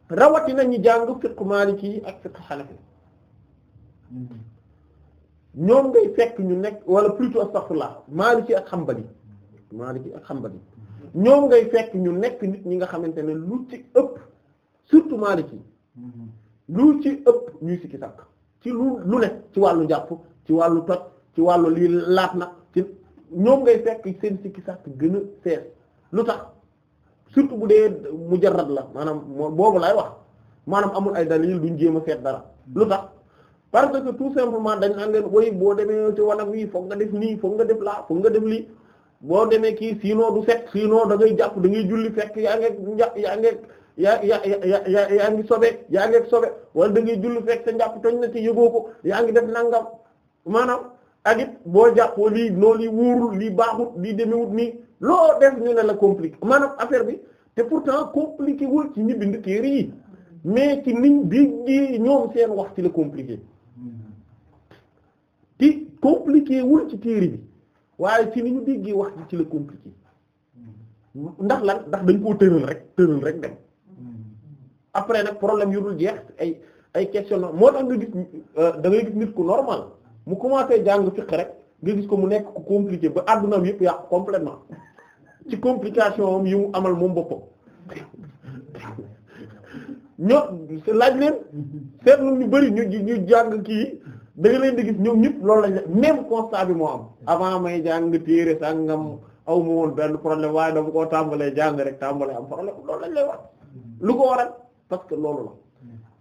rawatina ñi jàng fiqh ci ak fiqh hanafi ñoom ngay fekk ñu nekk wala plutôt astaghfirullah maliki ak hanbali maliki ak hanbali ñoom ngay fekk ñu nekk nit ñi nga xamante ne lu ci ëpp surtout ci lu ci ëpp ñuy sikki sàkk ci lu lu ne ci wàllu njàpp ci wàllu toj ci wàllu lii laat na ci ñoom ngay fekk seen sikki sàkk gën a fees lu tax surtout bu dee mujarrad la maanaam moom boobu lay wax maanaam amul ay dalil duñ jéem a seet dara hmm. lu tax parce que tout simplement dañ naan leen woy boo demee ci wanag wi foog nga def nii foog nga def laa foog nga def lii boo demee kii sinon du set sinon da ngay jàpp dangay ngay julli fekk yaa ngi ak yaa ngi yaa yaa yaa yaa ngi sobe yaa ngi sobe wala da ngay julli fekk sa njàpp toñ na ci yëgoo ko yaa ngi def nangam maanaam ak boo jàppoo lii noo lii wóorul lii baaxut lii demewut nii loo def ñu ne la compliqué maanaam affaire bi te pour pourtant compliqué wul ci ñi bind téere yi mais ci niñ bi gi ñoom seen wax ci la compliqué ti compliqué wul ci téere bi waaye ci ni ñu déggee wax ji ci la compliqué ndax lan ndax dañ koo tëral rek tëral rek dem après nag problème yu dul jeex ay ay question moo tax nga gis euh, da gis nit ku normal mu commencé jàng fiq rek nga gis ko mu nekk ko compliqué ba àddunaam yëpp yàqu complètement ci complication am yi mu amal moom boppam ñoo laaj leen seetlu ñu bari ñu ñu jàng kii da nga leen di ñoom ñëpp loolu lañ même constat bi moo am avant may jàng téere sàngam aw ma woon benn problème waaye dama koo tàmbalee jàng rek tàmbalee am problème loolu lañ lay wax lu ko waral parce que loolu la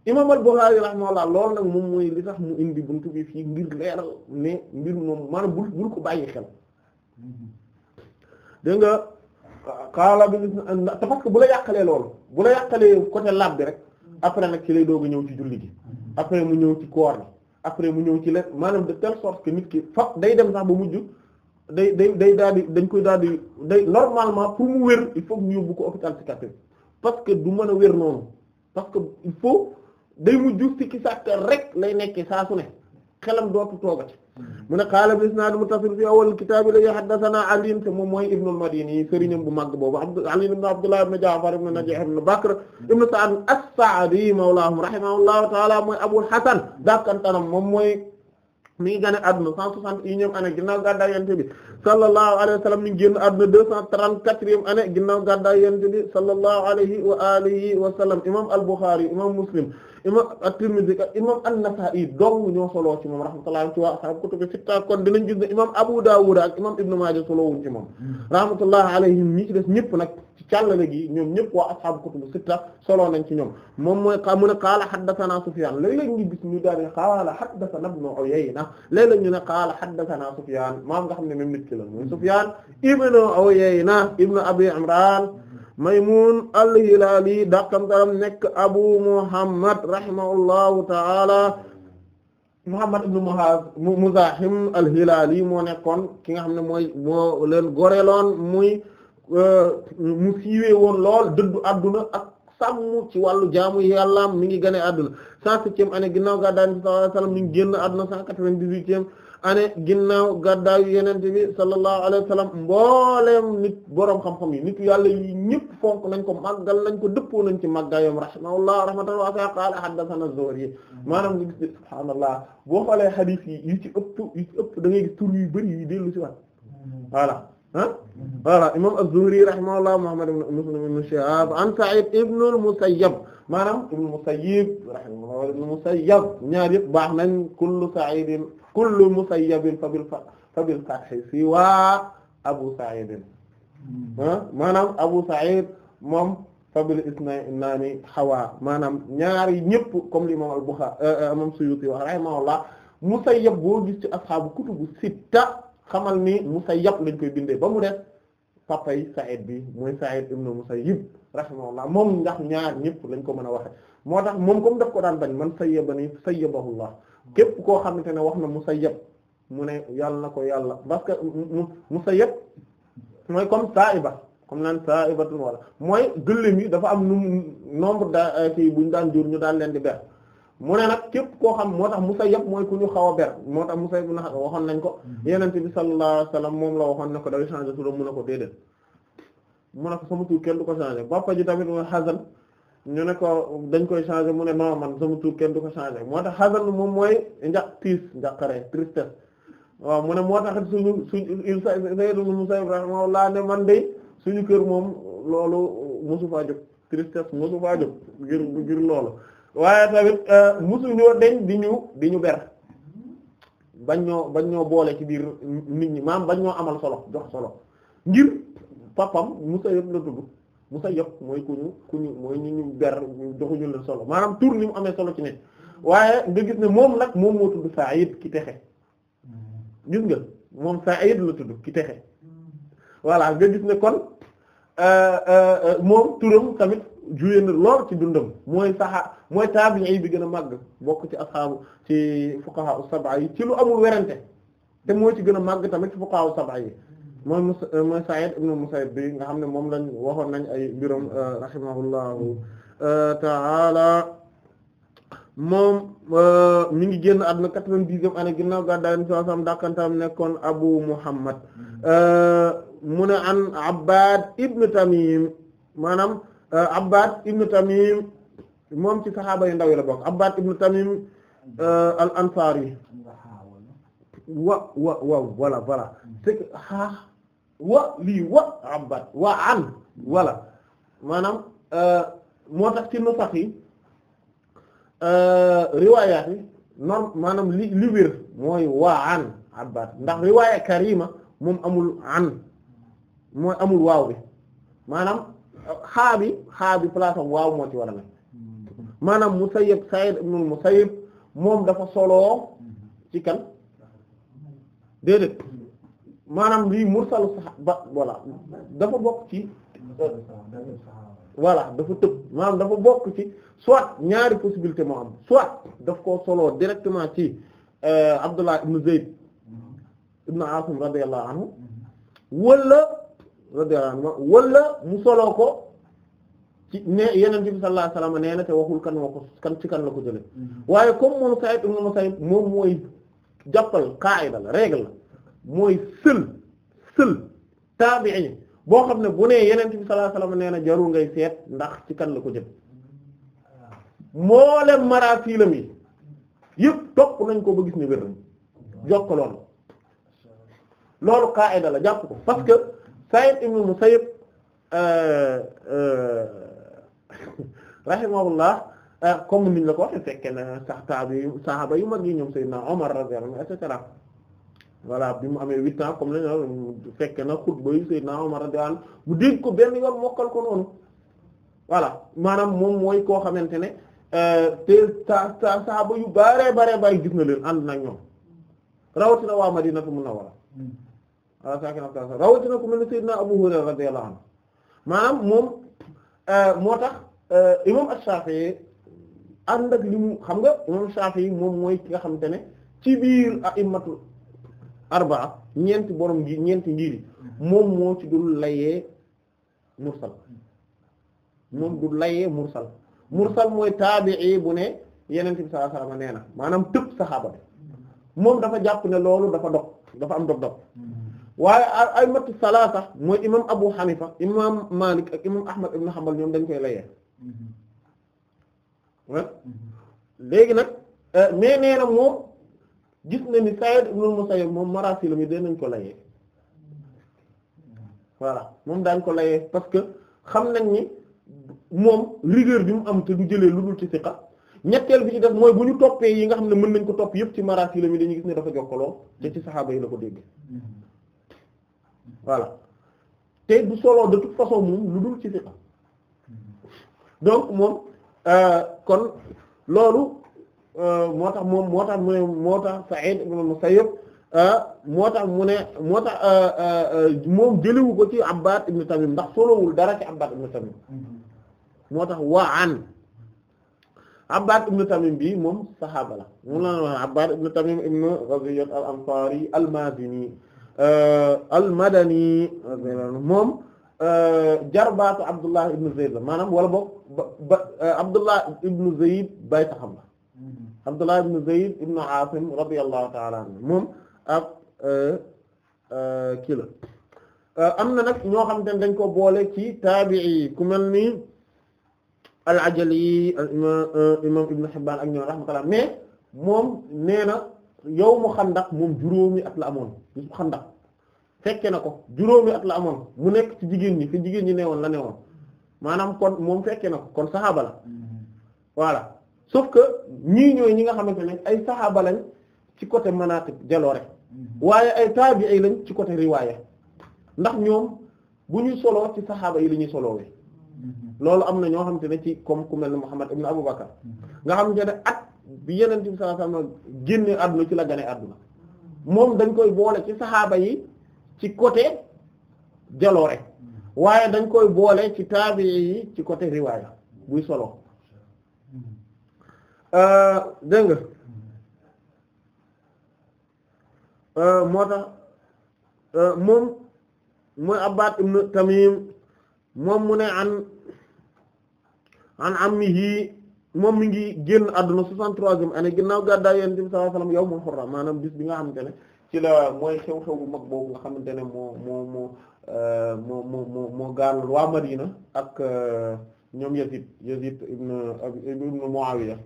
imam al-Bukhari rahimahullah lool nag moom mooy li tax mu indi buntu bi fii ngir leeral ne mbir moom maanaam bul bul ko bàyyi xel dégg nga xaala bi bu la yàqalee loolu bu la yàqalee côté laab bi rek après nag ci lay doog ñëw ci julli gi après mu ñëw ci koor gi après mu ñëw ci len maanaam de telle sorte que nit ki fa day dem sax ba mujj day day day daal di dañ koy daal di day normalement pour mu wér il faut ñu yóbbu ko hôpital psychiatrique parce que du mën a wér noonu day mujj sikki sàkk rek lay nekkee saa su ne xelam dootu toogati mu ne qaala bi isnaad muttasil fi awal kitaab la haddathana Ali te moom mooy Ibn madini sëriñam bu màgg boobu Ali ibn Abdullah ibn Ja'far ibn Najih ibn Bakr ibn Sa'd as-Sa'di mawlaahum rahimahullahu ta'ala mooy Abul Hasan daakantanam moom mooy mi ngi gane àdduna 161 année ginnaaw gàddaay yonent bi sallallahu alayhi wa sallam mi ngi génn àdduna 234 année ginnaaw gàddaay yonent bi sallallahu alayhi wa alihi wa sallam imam al-Bukhari imam Muslim imam at-Tirmidhi ak imam an-Nasa'i dong ñoo soloo ci moom rahmatullah ci waa ashab kutubu sitta kon dinañ gis ne imam Abu Dawud ak imam Ibn Majah solowuñ ci moom hmm. rahmatullah alayhim ñi ci des ñëpp nag ci càllale gi ñoom ñëpp waa ashab kutubu sitta soloo nañ ci ñoom moom mooy mu ne qaala haddathana Sufyan léeg-léeg ngi gis ñu daal ne qaala haddathana Ibn Uyayna léeg-léeg ñu ne qaala haddathana Sufyan maam nga xam ne même nit ki la mooy Sufyan ibn Uyayna ibn Abi Imran Maymun al-Hilaali dàqantaram nekk Abu Muhammad rahimahullahu ta'ala Muhammad ibn Muzaahim al-Hilaali moo nekkoon ki nga xam ne mooy moo leen goreeloon muy euh, mu siiwee woon lool dëddu adduna ak sàmm ci wàllu jaamu yàllaam mi ngi gane adduna cent septième année ginnaaw gàddaay Nabi sallallahu alayhi wasallam mi génn adduna cent quatre vingt dix ane ginnaaw gàddaayu yenente bi sallallahu alayhi wa sallam mbooleem nit boroom xam-xam yi nit yàlla yi ñëpp fonk nañ ko màggal nañ ko dëppoo nañ ci màggaayam rahimahullah rahmatan waasa qaala haddathana az-Zuhri maanaam nga gis subhaanallah boo xoolee hadith yi ci ëpp yu ci ëpp da ngay gis yu bëri yi dellu ci wat voilà ah voilà imam az-Zuhri rahimahullah Muhammad ibn Muslim ibn Shihab an Sa'id ibn al-Musayyab maanaam ibn Musayyib rahimahullah ibn Musayyab baax nañ kullu Sa'idin kullu musayyabin fabil fabil fathi siwa abu sa'id hmm. ah, maanaam abu sa'id moom fabil isnaani hawa maanaam ñaari ñëpp comme l'imam al-Bukhari eh, imam eh, Suyuti wa rahimahullah musayyab boo gis ci ashaabu kutubu sitta xamal ni musayyab lañ koy bindee ba mu def papay Sa'id bi mooy Sa'id ibn Musayyib rahimahullah moom ndax ñaar ñëpp lañ ko mën a waxee moo tax moom comme def ko daan bañ man sayyabani sayyabahullah képp koo xamante ne wax na musayyab mu ne yàlla na ko yàlla parce que musayyab mooy comme sa'iba comme naan sa'ibatun wala mooy gëléem yi dafa am nu nombre da euh, bu buñ daan jur ñu daan leen di ber mu ne nag képp koo xam moo tax musayyab mooy ku ñu xaw a ber moo tax musayyab na waxoon nañ ko mm-hmm. yenente bi sallallahu alayhi wasallam moom la waxoon ne ko day changer turam mu ne ko déedéet mu ne ko sama tur kenn du ko changer bappa ji tamit mooy hazan ñu ne ko dañ koy changé mu ne non man sama tur kenn du ko changé moo tax xasan moom mooy nja tiis njaqare tristesse waaw mu ne moo tax suñu suñu Sayyid ibn Musayyib rahimahullah ne man de suñu kër moom loolu mosu faa jóg tristesse mosu faa jóg ngir ngir loolu waaye tamit euh, mosu ñoo deñ di ñu di ñu ber bañ ñoo bañ ñoo boole ci biir nit ñi maam bañ ñoo amal solo jox solo ngir papam Musayyib la tudd. musayyab mooy ku ñu ku ñu mooy ñu ñu ber joxuñu leen solo maanaam tur ni mu amee solo ci ne waaye nga gis ne moom nag moom moo tudd Sa'id ki texe gis nga moom Sa'id la tudd ki texe voilà nga gis ne kon euh, euh, euh, moom turam tamit juyee lool ci dundam mooy saxa mooy tabi'i bi gën a màgg bokk ci asxaabu ci fuqaha us-sab'a yi ci lu amul werante te mooy ci gën a màgg tamit ci fuqaha yi mooy mus euh, mooy Sa'id ibn Musayyib bi nga xam ne moom lañ waxoon nañu ay mbiram euh, rahimahullahu euh, ta'ala moom mi ngi génn àdduna quatre-vingt-dixième année ginnaaw gàddaay Yonent bi sallallahu alayhi nekkoon Abu Muhammad mm-hmm. mu ne an Abbad ibn Tamim maanaam Abbad ibn Tamim moom ci saxaaba yu ndaw la bokk Abbad ibn Tamim al-Ansari wa wa waaw voilà voilà mm-hmm. c'est que ah, wa lii wa abbat wa an wala maanaam euh, moo tax ci nu sax yi euh, riwaayaat yi maanaam li li mooy wa an abbat ndax riwaaya karima moom amul an mooy amul waaw bi maanaam xaabi bi xaa waaw moo ci war a nekk maanaam Musayyib moom dafa soloo ci kan maanaam lii mursalu saxaaba voilà dafa bokk ci voilà dafa tëb maanaam dafa bokk ci soit ñaari possibilité moo am soit daf koo soloo directement ci euh, Abdullah ibn Zayd ibn Asim radiyallahu anhu wala mu soloo ko ci ne yeneen bi sallallahu alayhi wasallam nee na te kan moo kan ci kan la ko jële mm-hmm. waaye comme moom Sa'id ibn Musayyib moom mooy jàppal qaa'ida la règle la mooy sël sël taabi'i boo xam ne bu nee yeneen bi sallallahu alayhi wasallam nee na jarul ngay seet ndax ci kan la ko jël mboolem marasilam yi yëpp topp nañ ko ba gis ne wér nañ jokkaloon loolu qaida la jàpp ko parce que Saïd ibn Musayyib euh, euh, [laughs] rahimahullah euh, comme niñ la ko waxee fekke na sax taab yi saxaaba yu mag yi ñoom Seydina Omar radiyallahu anhu et cetera voilà bi mu amee huit ans comme lañ fekk na xutba yi Seydina a radiyallahu anhu mu dégg ko benn yoon mokkal ko noonu voilà maanaam moom mooy koo xamante ne euh, te yu bare bare bare gis ànd nag rawatina waa Madinatu Munawwara waaw saakina sa rawatina ku mel ne Seydina Abu Hurayra radiyallahu euh, moo tax euh, imam Ash-Shafi'i ànd ak li mu xam nga imam Shafi'i moom mooy ki nga xamante ne ci biir a'immatul arbaa ñeenti borom gi ñeenti ngir moom moo ci dul layee mursal moom du layee mursal mursal mooy taabi'i bu ne yeneen bi sallallahu alayhi wasallam nee na maanaam tëb saxaaba moom dafa jàpp ne loolu dafa dog dafa am dog-dog waaye ay mat salaasa mooy imam Abu Hanifa imam Malik ak imam Ahmad ibn Hanbal ñoom dañ koy layee mm-hmm. léegi nag euh, mais nee moom gis na ni Saïd ibn Musayyib moom marasilam yi nañ ko layee voilà moom daañ ko layee parce que xam nañ ni moom rigueur bi mu am te du jëlee lu dul ci siqa ñetteel bi ci def mooy bu ñu toppee yi nga xam ne mën nañ ko topp yépp ci marasilam yi dañuy gis ne dafa jokkaloo te ci saxaaba yi la ko dégg voilà te du solo de toute façon moom lu dul ci siqa donc moom euh, kon loolu Euh, moo tax moom moo tax mu ne moo tax Sa'id ibn al-Musayyib euh, moo tax mu ne moo tax euh, moom jëliwu ko ci Abbad ibn Tamim ndax solowul dara ci Abbad ibn Tamim mm-hmm. moo tax waa an Abbad ibn Tamim bi moom saxaaba la moom la wax Abbad ibn Tamim ibn Rabi'a al-Ansari al-Mazini al-Madani moom jarbaatu Abdullah ibn Zayd la maanaam wala boog ba Abdullah ibn Zayd bay taxam la Abdullah ibn Zayd ibn Asim radiyallahu ta'ala anhu moom ab euh, euh, kii la euh, am na nag ñoo xam ne dañ ko boole ci taabi'i ku mel ni al-Ajali imam Ibn Hibban ak ñoom rahmatullah mais moom nee na yow mu xandax moom juróomi at la amoon bisu xandax fekke na ko juróomi at la amoon mu nekk ci jigéen ñi fi jigéen ñi neewoon la newoon maanaam kon moom fekke na ko kon saxaaba la mm-hmm. sauf que ñii ñooy ñi nga xamante ne ay saxaaba lañ ci côté manaqib jaloore waaye ay taabi'i lañ ci côté riwaaya ndax ñoom bu ñu solo ci saxaaba yi la ñuy solowee loolu am na ñoo xamante ne ci comme ku mel ne Muhammad ibn Abu Bakar nga xam ne at bi yeneen bi sallallahu alayhi wasallam génne àdduna ci la gane àdduna moom dañ koy boole ci saxaaba yi ci côté jaloore waaye dañ koy boole ci taabi'i yi ci côté riwaaya buy solo Euh, dégg nga euh, moo tax euh, moom mooy Abbad ibn Tamim moom mu ne an an ammihi moom mi ngi génn àdduna 63e année ginnaaw gàddaay Yonent bi sallallahu alayhi wasallam yawmul hurra maanaam bis bi nga xamante ne ci la mooy xew-xew mag boobu nga xamante ne moo moo moo moo moo moo moo gaal waa Madina ak ñoom Yazid Yazid ibn ibn Muawiya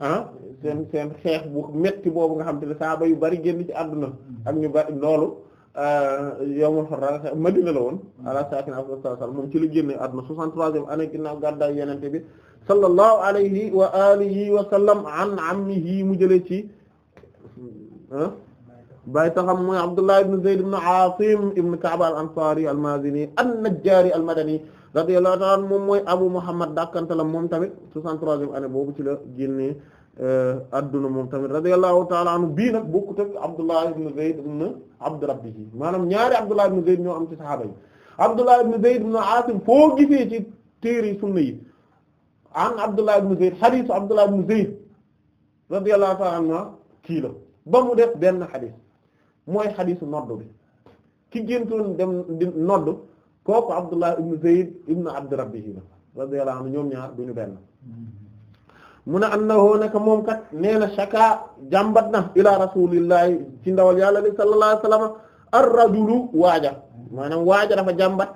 ah seen seen xeex bu metti boobu nga xam te ne saaba yu bari génn ci àdduna ak ñu bari loolu euh, yowmal xorra Madina la woon mm. ala sakin afdal moom ci la génne àdduna soixante-troisième année ginnaaw gàddaay yenente bi sallallahu alayhi wa alihi wa sallam an ammihi mu jëlee ci ah, bàyyi taxam mooy Abdullah ibn Zayd ibn Asim ibn Ka'b al-Ansari al-Mazini an-Najjari al-Madani radiyallahu ta'ala anhu moom mooy Abu Muhammad dàkkantalam moom tamit 63e année boobu ci la génnee euh, adduna moom tamit radiyallahu ta'ala anhu bii nag bokkut ak Abdullah ibn Zayd ibn Abd Rabbihi maanaam ñaari Abdullah ibn Zayd ñoo am ci saxaaba yi Abdullah ibn Zayd ibn Asim foo gisee ci téere sunna yi an Abdullah ibn Zayd xadiisu Abdullah ibn Zayd radiyallahu ta'ala anhu kii la ba mu def benn xadiis mooy xadiisu nodd bi ki géntoon dem nodd kooku Abdullah ibn Zayd ibn Abd Rabbihi radiyallahu anhu ñoom ñaar duñu benn mu ne annahu naka moom kat nee na shaka jàmbat na ila rasulillahi ci ndawal yàlla li sallallahu alayhi wasallam waaja maanaam waaja dafa jàmbat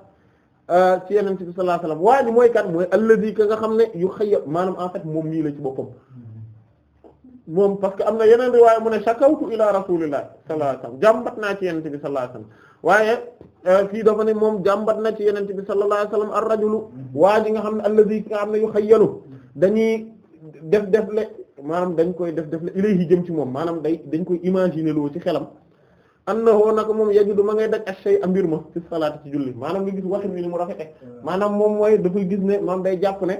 euh, ci yeneen ci sallallahu alayhi wasallam waaji mooy kat mooy ka nga xam ne yu xëy maanaam en fait moom mii la ci boppam moom parce que am na yeneen riwaaya mu ne shakawtu ila rasulillah sallallahu alayhi wasallam jàmbat naa ci yenente bi sallallahu alayhi waaye euh, fii dafa ne moom jàmbat na ci yenente bi sallallahu alayhi wasallam ar rajulu waa ji nga xam ne allazi ki nga xam ne yu xayyalu dañuy def def le maanaam dañ koy def def le ilayhi jëm ci moom maanaam day dañ koy imaginer loo ci xelam annahu nag moom yajudu ma ngay daj ak shay ambir ma ci salaat ci julli maanaam nga gis waxin wi mu rafete hmm. maanaam moom mooy dafay gis ne maanaam day jàpp ne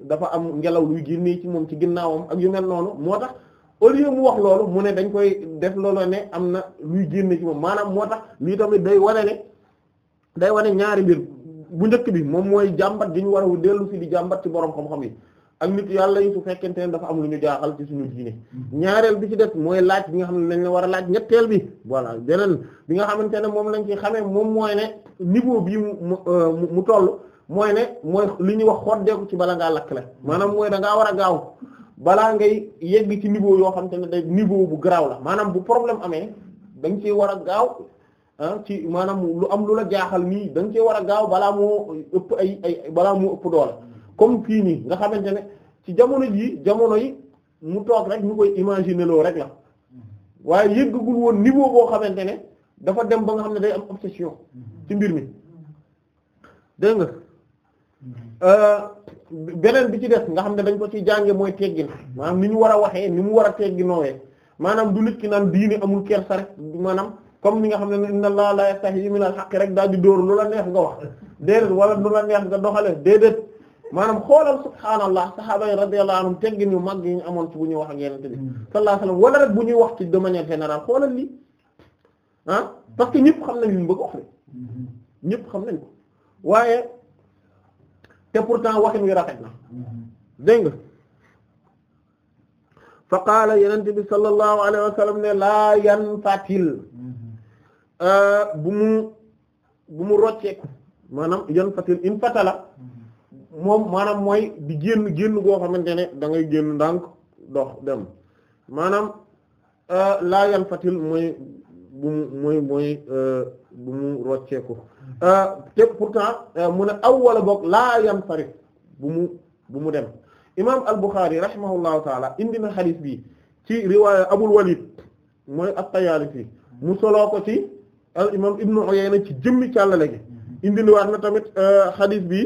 dafa am ngelaw luy génnee ci moom ci ginnaawam ak yu mel noonu moo tax au lieu mu wax loolu mu ne dañ koy def loolu ne am na luy génne ci moom maanaam moo tax lii tamit day wane ne day wane ñaari mbir bu njëkk bi moom mooy jàmbat gi ñu war a dellu fi di jàmbat ci borom xam-xam yi ak nit yàlla yi su fekkente ne dafa am lu ñu jaaxal ci suñu diine mm-hmm. ñaareel bi ci def mooy laaj bi nga xam ne lañu la war a laaj ñetteel bi voilà beneen bi nga xamante ne moom lañ ci xamee moom mooy ne niveau bii mu mu euh, toll. mooy ne mooy li ñuy wax xoddeeku ci bala ngaa lakkle maanaam mooy da ngaa war a gaaw balaa ngay yegg ci niveau yoo xam te ne day niveau bu garaaw la maanaam bu problème amee dañ cee war a gaaw ah ci maanaam lu am lu la jaaxal nii da cee war a gaaw balaa moo ëpp ay ay balaa moo ëpp doole comme fii nii nga xamante ne ci jamono jii jamono yi mu toog rek ñu koy imaginer loo rek la waaye yëggagul woon niveau boo xamante ne dafa dem ba nga xam ne day am obsession ci mbir mi dégg nga Euh, beneen bi ci des nga xam ne dañ ko ci jànge mooy teggin maanaam ni ñu war a waxee ni mu war a tegginowee maanaam du nit ki naan diine amul kersa rek maanaam comme ni nga xam ne inna allaha la yastahi min al haqq rek daal di dóor lu neex nga wax wala lu la neex nga doxale déedéet maanaam xoolal subhaanallah sahaaba yi radiyallahu anhum teggin yu mag yi ñu amoon ci bu ñuy wax ak yenente bi sallallahu alayhi wasallam rek bu ñuy wax ci de manière générale xoolal lii ah parce que ñëpp xam nañ li ñu bëgg wax rek ñëpp xam nañ ko waaye te pourtant waxin wi rafet na mm-hmm. dégg nga fa qaala yenente bi sallallahu alayhi wa sallam ne laa mm-hmm. euh, bu mu bu mu rocceeku maanaam yanfatil in fatala mm-hmm. moom maanaam mooy di génn génn goo xamante ne da ngay génn ndànk dox dem maanaam euh, laa yanfatil mooy bu mu mooy mooy euh, bu mu rocceeku euh, te pourtant euh, mu ne aw wala boog laa yam farit bu mu dem imam al-Bukhari rahimahullahu taala indi na xadis bi ci riwaaya Abul Walid mooy at-Tayalisi mu soloo ko ci al imam Ibn Uyayna ci jëmmi càllale gi indi liwaat na tamit xadis bi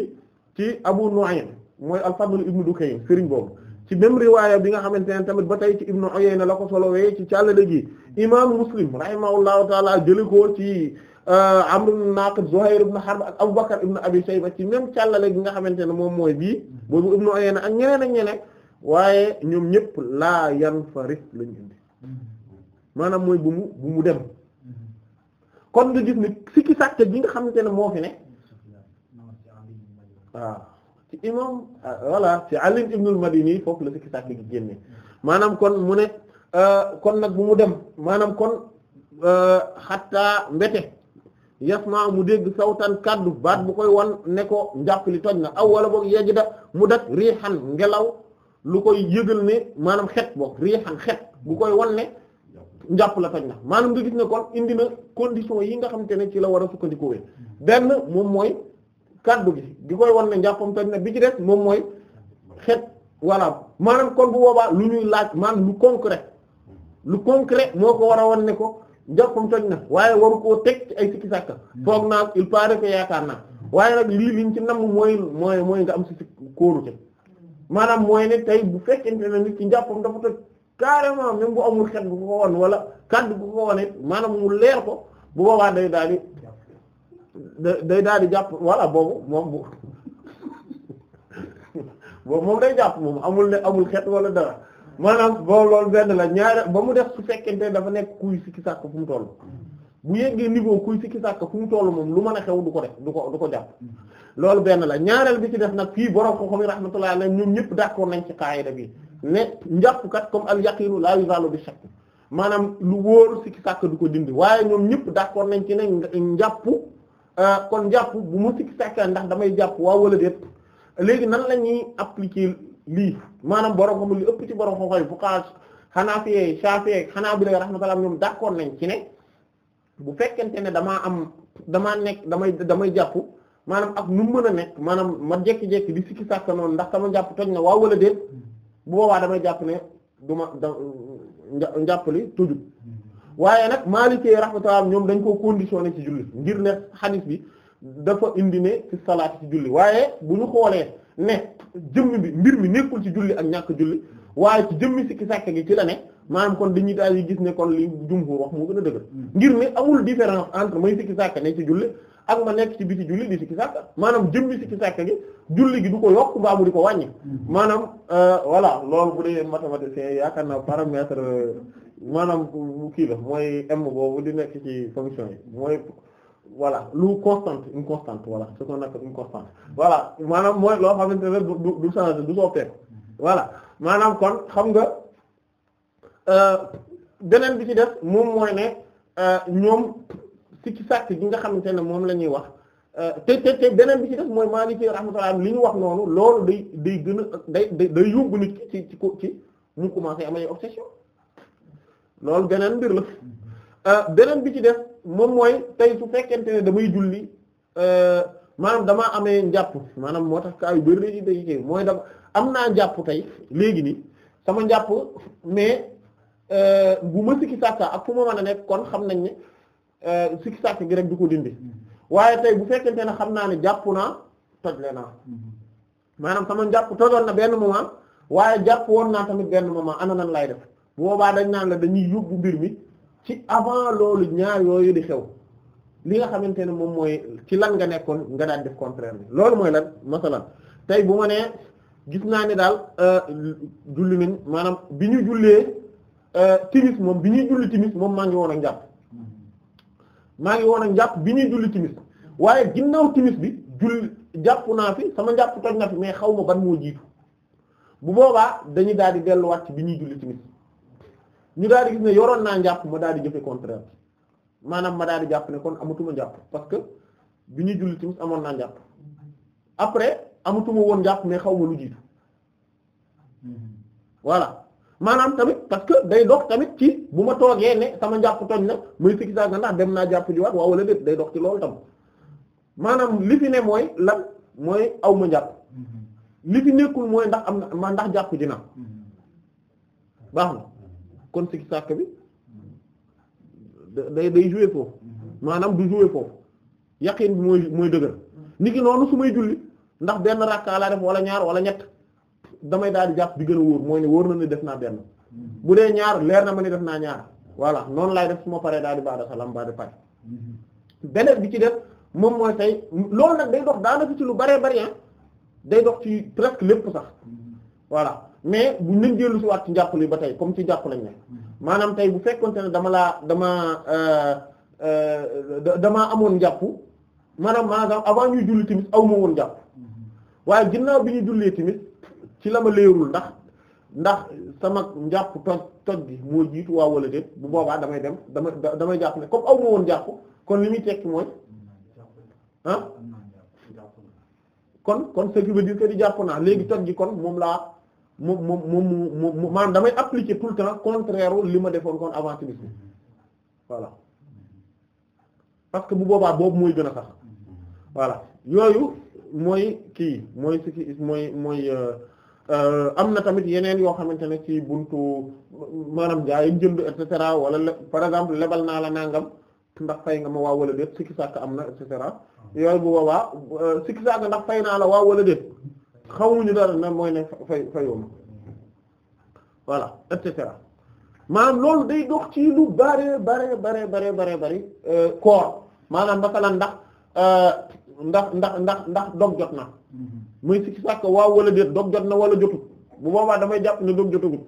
ci Abu Nu'aym mooy al-Fadl ibn Dukayn ci même riwaaya bi nga xamante ne tamit ba tey ci Ibnu Uyayna la ko solowee ci càllale gi imaamu Muslim rahimahullahu taala jëli ko ci euh, Amr ibn Naqid Zuhayr ibn Harb ak Abu Bakr ibn Abi Shayba ci même càllale gi nga xamante ne moom mooy bii boobu Ibnu Uyayna ak ñeneen ak ñeneen waaye ñoom ñëpp laa yan faris lañu indi maanaam mooy bu mu bu mu dem kon nga gis ni sikki sàcc gi nga xamante ne moo fi ne waaw ci imam euh, voilà ci Ali ibn al-Madini foofu la sikki sàkk gi génne maanaam kon mu ne euh, kon nag bu mu dem maanaam kon xattaa euh, mbete yasma mu dégg sawtan kaddu baat bu koy wan ne ko njàpp li toj na aw wala boog yajida mu dat riixan ngelaw lu koy yëgal ne maanaam xet boog riixan xet bu koy wan ne njàpp la toj na maanaam nga gis ne kon indi na condition yi nga xamante ne ci la war a sukkandikoo benn moom mooy kaddu gi di koy wan ne njàppam toj na bi ci des moom mooy xet voilà maanaam kon bu boobaa lu ñuy laaj maanaam lu concret lu concret moo ko war a won ne ko njàppam toj na waaye waru koo teg ay sikki sàkka foog naa il paraît que yaakaar naa waaye nag lii ñu ci namm mooy mooy mooy nga am si si kóorute maanaam mooy ne tey bu fekkee ne nit ci njàppam dafa toj carrément même bu amul xet bu ko wan wala kaddu bu ko wane maanaam mu leer ko bu boobaa day daal day daal di jàpp voilà boobu moom bu boobu moom day jàpp moom amul ne amul xet wala dara maanaam boobu loolu benn la ñaare ba mu def su fekkente dafa nekk kuy sikki sàkk fu mu toll bu yeggee niveau kuy sikki sàkk fu mu toll moom lu mën a xew du ko def du ko du ko jàpp loolu benn la ñaareel bi ci def nag fii borom ko xam yi rahmatullah alayhi ñoom ñëpp d'accord nañ ci qaayida bi ne njàppkat comme al yaqiinu laa yuzalu bi shakk maanaam lu wóor sikki sàkk du ko dindi waaye ñoom ñëpp d'accord nañ ci ne njàpp Euh, kon jàpp bu mu sikki sàkka ndax damay jàpp waaw wala déet léegi nan la ñuy appliquer lii maanaam borom xam li ëpp ci borom xam-xam yi fuqaha Hanafi Shafi'i Hanabila rahmatullah ñoom d'accord nañ ci ne bu fekkente ne damaa am damaa nekk damay damay jàpp maanaam ak nu mën a nekk maanaam ma jekki-jekki di sikki noonu ndax sama jàpp toj na waaw wala déet bu damay jàpp ne du ma da njàppali tojub waaye nag Maliki rahmatullah ñoom dañ koo conditionné ci julli ngir ne xadis bi dafa indi ne ci salaat ci julli waaye bu ñu xoolee ne jëmm bi mbir mi nekkul ci julli ak ñàkk julli waaye ci jëmmi sikki sàkk gi ci la ne maanaam kon dañuy daal di gis ne kon li jumhur wax moo gën a dëgër hmm. ngir ne amul différence entre may sikki sàkk ne ci julli ak ma nekk ci biti julli di sikki sàkka maanaam jëmmi sikki sàkka gi julli gi du ko yokk mbaa mu di ko wàññi mm-hmm. maanaam euh, voilà loolu bu dee mathématicien yaakaar naa paramètre euh, maanaam kii la mooy m boobu di nekk ci fonction yi mooy voilà lu constante une constante voilà ce qu'on appelle une constante voilà maanaam mooy loo xamante ne du du changer du soppeeku mm-hmm. voilà maanaam kon xam nga euh, beneen bi ci def moom mooy ne ñoom sikki sàkk gi nga xamante ne moom la ñuy wax euh, te te te beneen bi ci def mooy Maliki rahmatullah li ñu wax noonu loolu day day gën a day day yóbbu nit ki ci ci ci mu commencé am ay obsession loolu beneen mbir la euh, beneen bi ci def moom mooy tey su fekkente ne damay julli euh, maanaam damaa amee njàpp maanaam moo tax kaa yu bari lañuy day ci mooy dama am naa njàpp tey léegi nii sama njàpp mais bu ma sikki sàkka ak fu ma mën a nekk kon xam nañ ne Euh, sikki sàkk gi rek di ko dindi waaye tey bu fekkente ne xam naa ni jàppu naa toj le maanaam sama jàpp tojoon na benn moment waaye jàpp woon naa tamit benn moment ana lan lay def boobaa dañ naan la dañuy yóbbu mbir mi ci avant loolu ñaar yooyu di xew li nga xamante ne moom mooy ci lan nga nekkoon nga daan def contraire bi loolu mooy lan masalan tey bu ma nee gis naa ni daal euh, julli nañ maanaam bi ñu jullee euh, timis moom bi ñuy julli timis moom maa ngi woon ak jàpp maa ngi woon ak njàpp bi ñuy julli timis waaye ginnaaw timis bi julli jàppu naa fi sama njàpp toj na fi mais xaw ma ban moo jiitu bu boobaa dañuy daal di delluwaat ci bi ñuy julli timis ñu daal di gis ne yoroon naa njàpp ma daal di jëfe contraire maanaam ma daal di jàpp ne kon amatuma njàpp parce que bi ñuy julli timis amoon naa njàpp après amatuma woon njàpp mais xaw ma lu jiitu voilà maanaam tamit parce que day dox tamit ci bu ma toogee ne sama njàqu toj na muy sikki saaka ndax dem naa jàpp ji waat waaw wala déet day dox ci loolu tam maanaam li ne mooy lan mooy aw ma njàpp mm-hmm. li nekkul mooy ndax am na ma ndax jàppu ji na mm-hmm. baax na kon sikki saaka bi day day jouer foofu mm-hmm. maanaam du jouer foofu yaqin bi mooy dëgër nit ki noonu su may julli ndax benn rakka laa def wala ñaar wala ñett damay daal di jàpp bi gën a wóor mooy ne wóor na ne def naa benn bu dee ñaar leer na ma ne def naa ñaar voilà noonu laay def su ma paree daal di baada salam baada pare mhm. beneen bi ci def moom mooy tey loolu nag day dox daanaka ci lu baree bari ah. day dox ci presque lépp sax mhm. voilà mais bu ñu dellu si waat ci njàpp ba tey comme ci njàpp lañ mhm. maanaam tey bu fekkonte ne dama laa dama euh, euh, damaa amoon njàpp maanaam maanaam avant ñuy julli tamit aw ma woon njàpp waaye ginnaaw bi ñuy jullee tamit ci la ma léerul ndax ndax sama njàqu toj toj gi moo jiitu waa wala déet bu boobaa damay dem dama damay jàpp ne comme aw ma woon jàpp kon li muy tekki mooy ah, kon kon ce qui di jàpp naa léegi toj gi kon moom laa moom moom moom moom maanaam damay appliquer tout le temps contraire li ma defoon kon avant timis bi voilà parce que bu boobaa boobu mooy gën a sax voilà yooyu mooy kii mooy ce qui mooy mooy. Euh, Euh, am na tamit yeneen yoo xamante ne ci buntu maanaam jaay jënd et cetera wala par exemple lebal naa la nangam ndax fay nga ma waaw wala déet sikki sàkk am na et cetera yooyu bu boobaa euh, ndax fay naa la waa wala déet xamuñu dara na mooy ne fay fayoo ma voilà et cetera loolu day dox ci lu bare bare bare bare bare bari euh, koor maanaam masalan ndax ndax ndax ndax ndax dog jot na mm-hmm. muy sikki sàkk waaw wala déet dog jot na wala jotut bu boobaa damay jàpp ne dog jotagut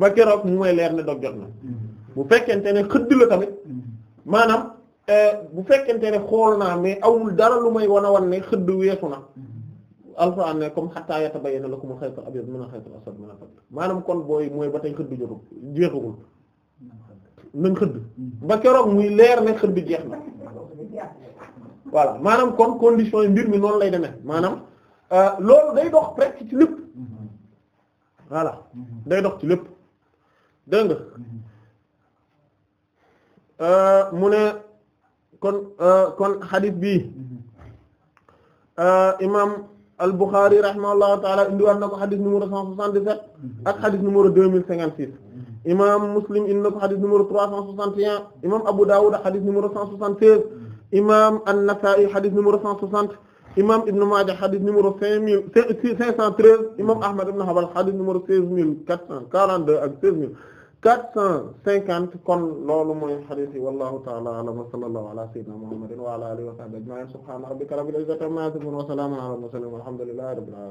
ba keroog mu may leer ne dog jot na bu fekkente ne xëdd la tamit maanaam eh, bu fekkente ne xool naa mais awul dara lu may wan a wan ne xëdd weesu na alxuraan ne comme xattaa la ko mu abyad minal xaytil aswad minal fajr maanaam kon booy mooy ba tey xëdd jotul jeexagul nañ xëdd hmm. ba keroog muy leer ne xëdd jeex na voilà maanaam kon condition yi mbir mi noonu lay demee maanaam euh, loolu day dox presque ci lépp voilà day dox ci lépp dégg nga euh, mu ne kon euh, kon xadis bii imaam al-Bukhari rahimahullahu taala indiwaat na ko xadis numéro 177 ak xadis numéro 2056 imaam Muslim indi na ko xadis numéro 361 imaam Abu Dawud xadis numéro imaam an-Nasa'i xadis numéro 160 imaam Ibn Maaja xadis numéro 5000 513 imaam Ahmad ibn Hanbal xadis numéro 16442 ak 16450 kon loolu mooy xadis yi wallahu ta'ala a'lam wa sallallahu ala sayyidina Muhammadin wa ala alihi wa sahbihi ajma'in subhana rabbika rabbil izzati amma yasifun wa salamun ala al mursalin walhamdulillahi rabbil alamin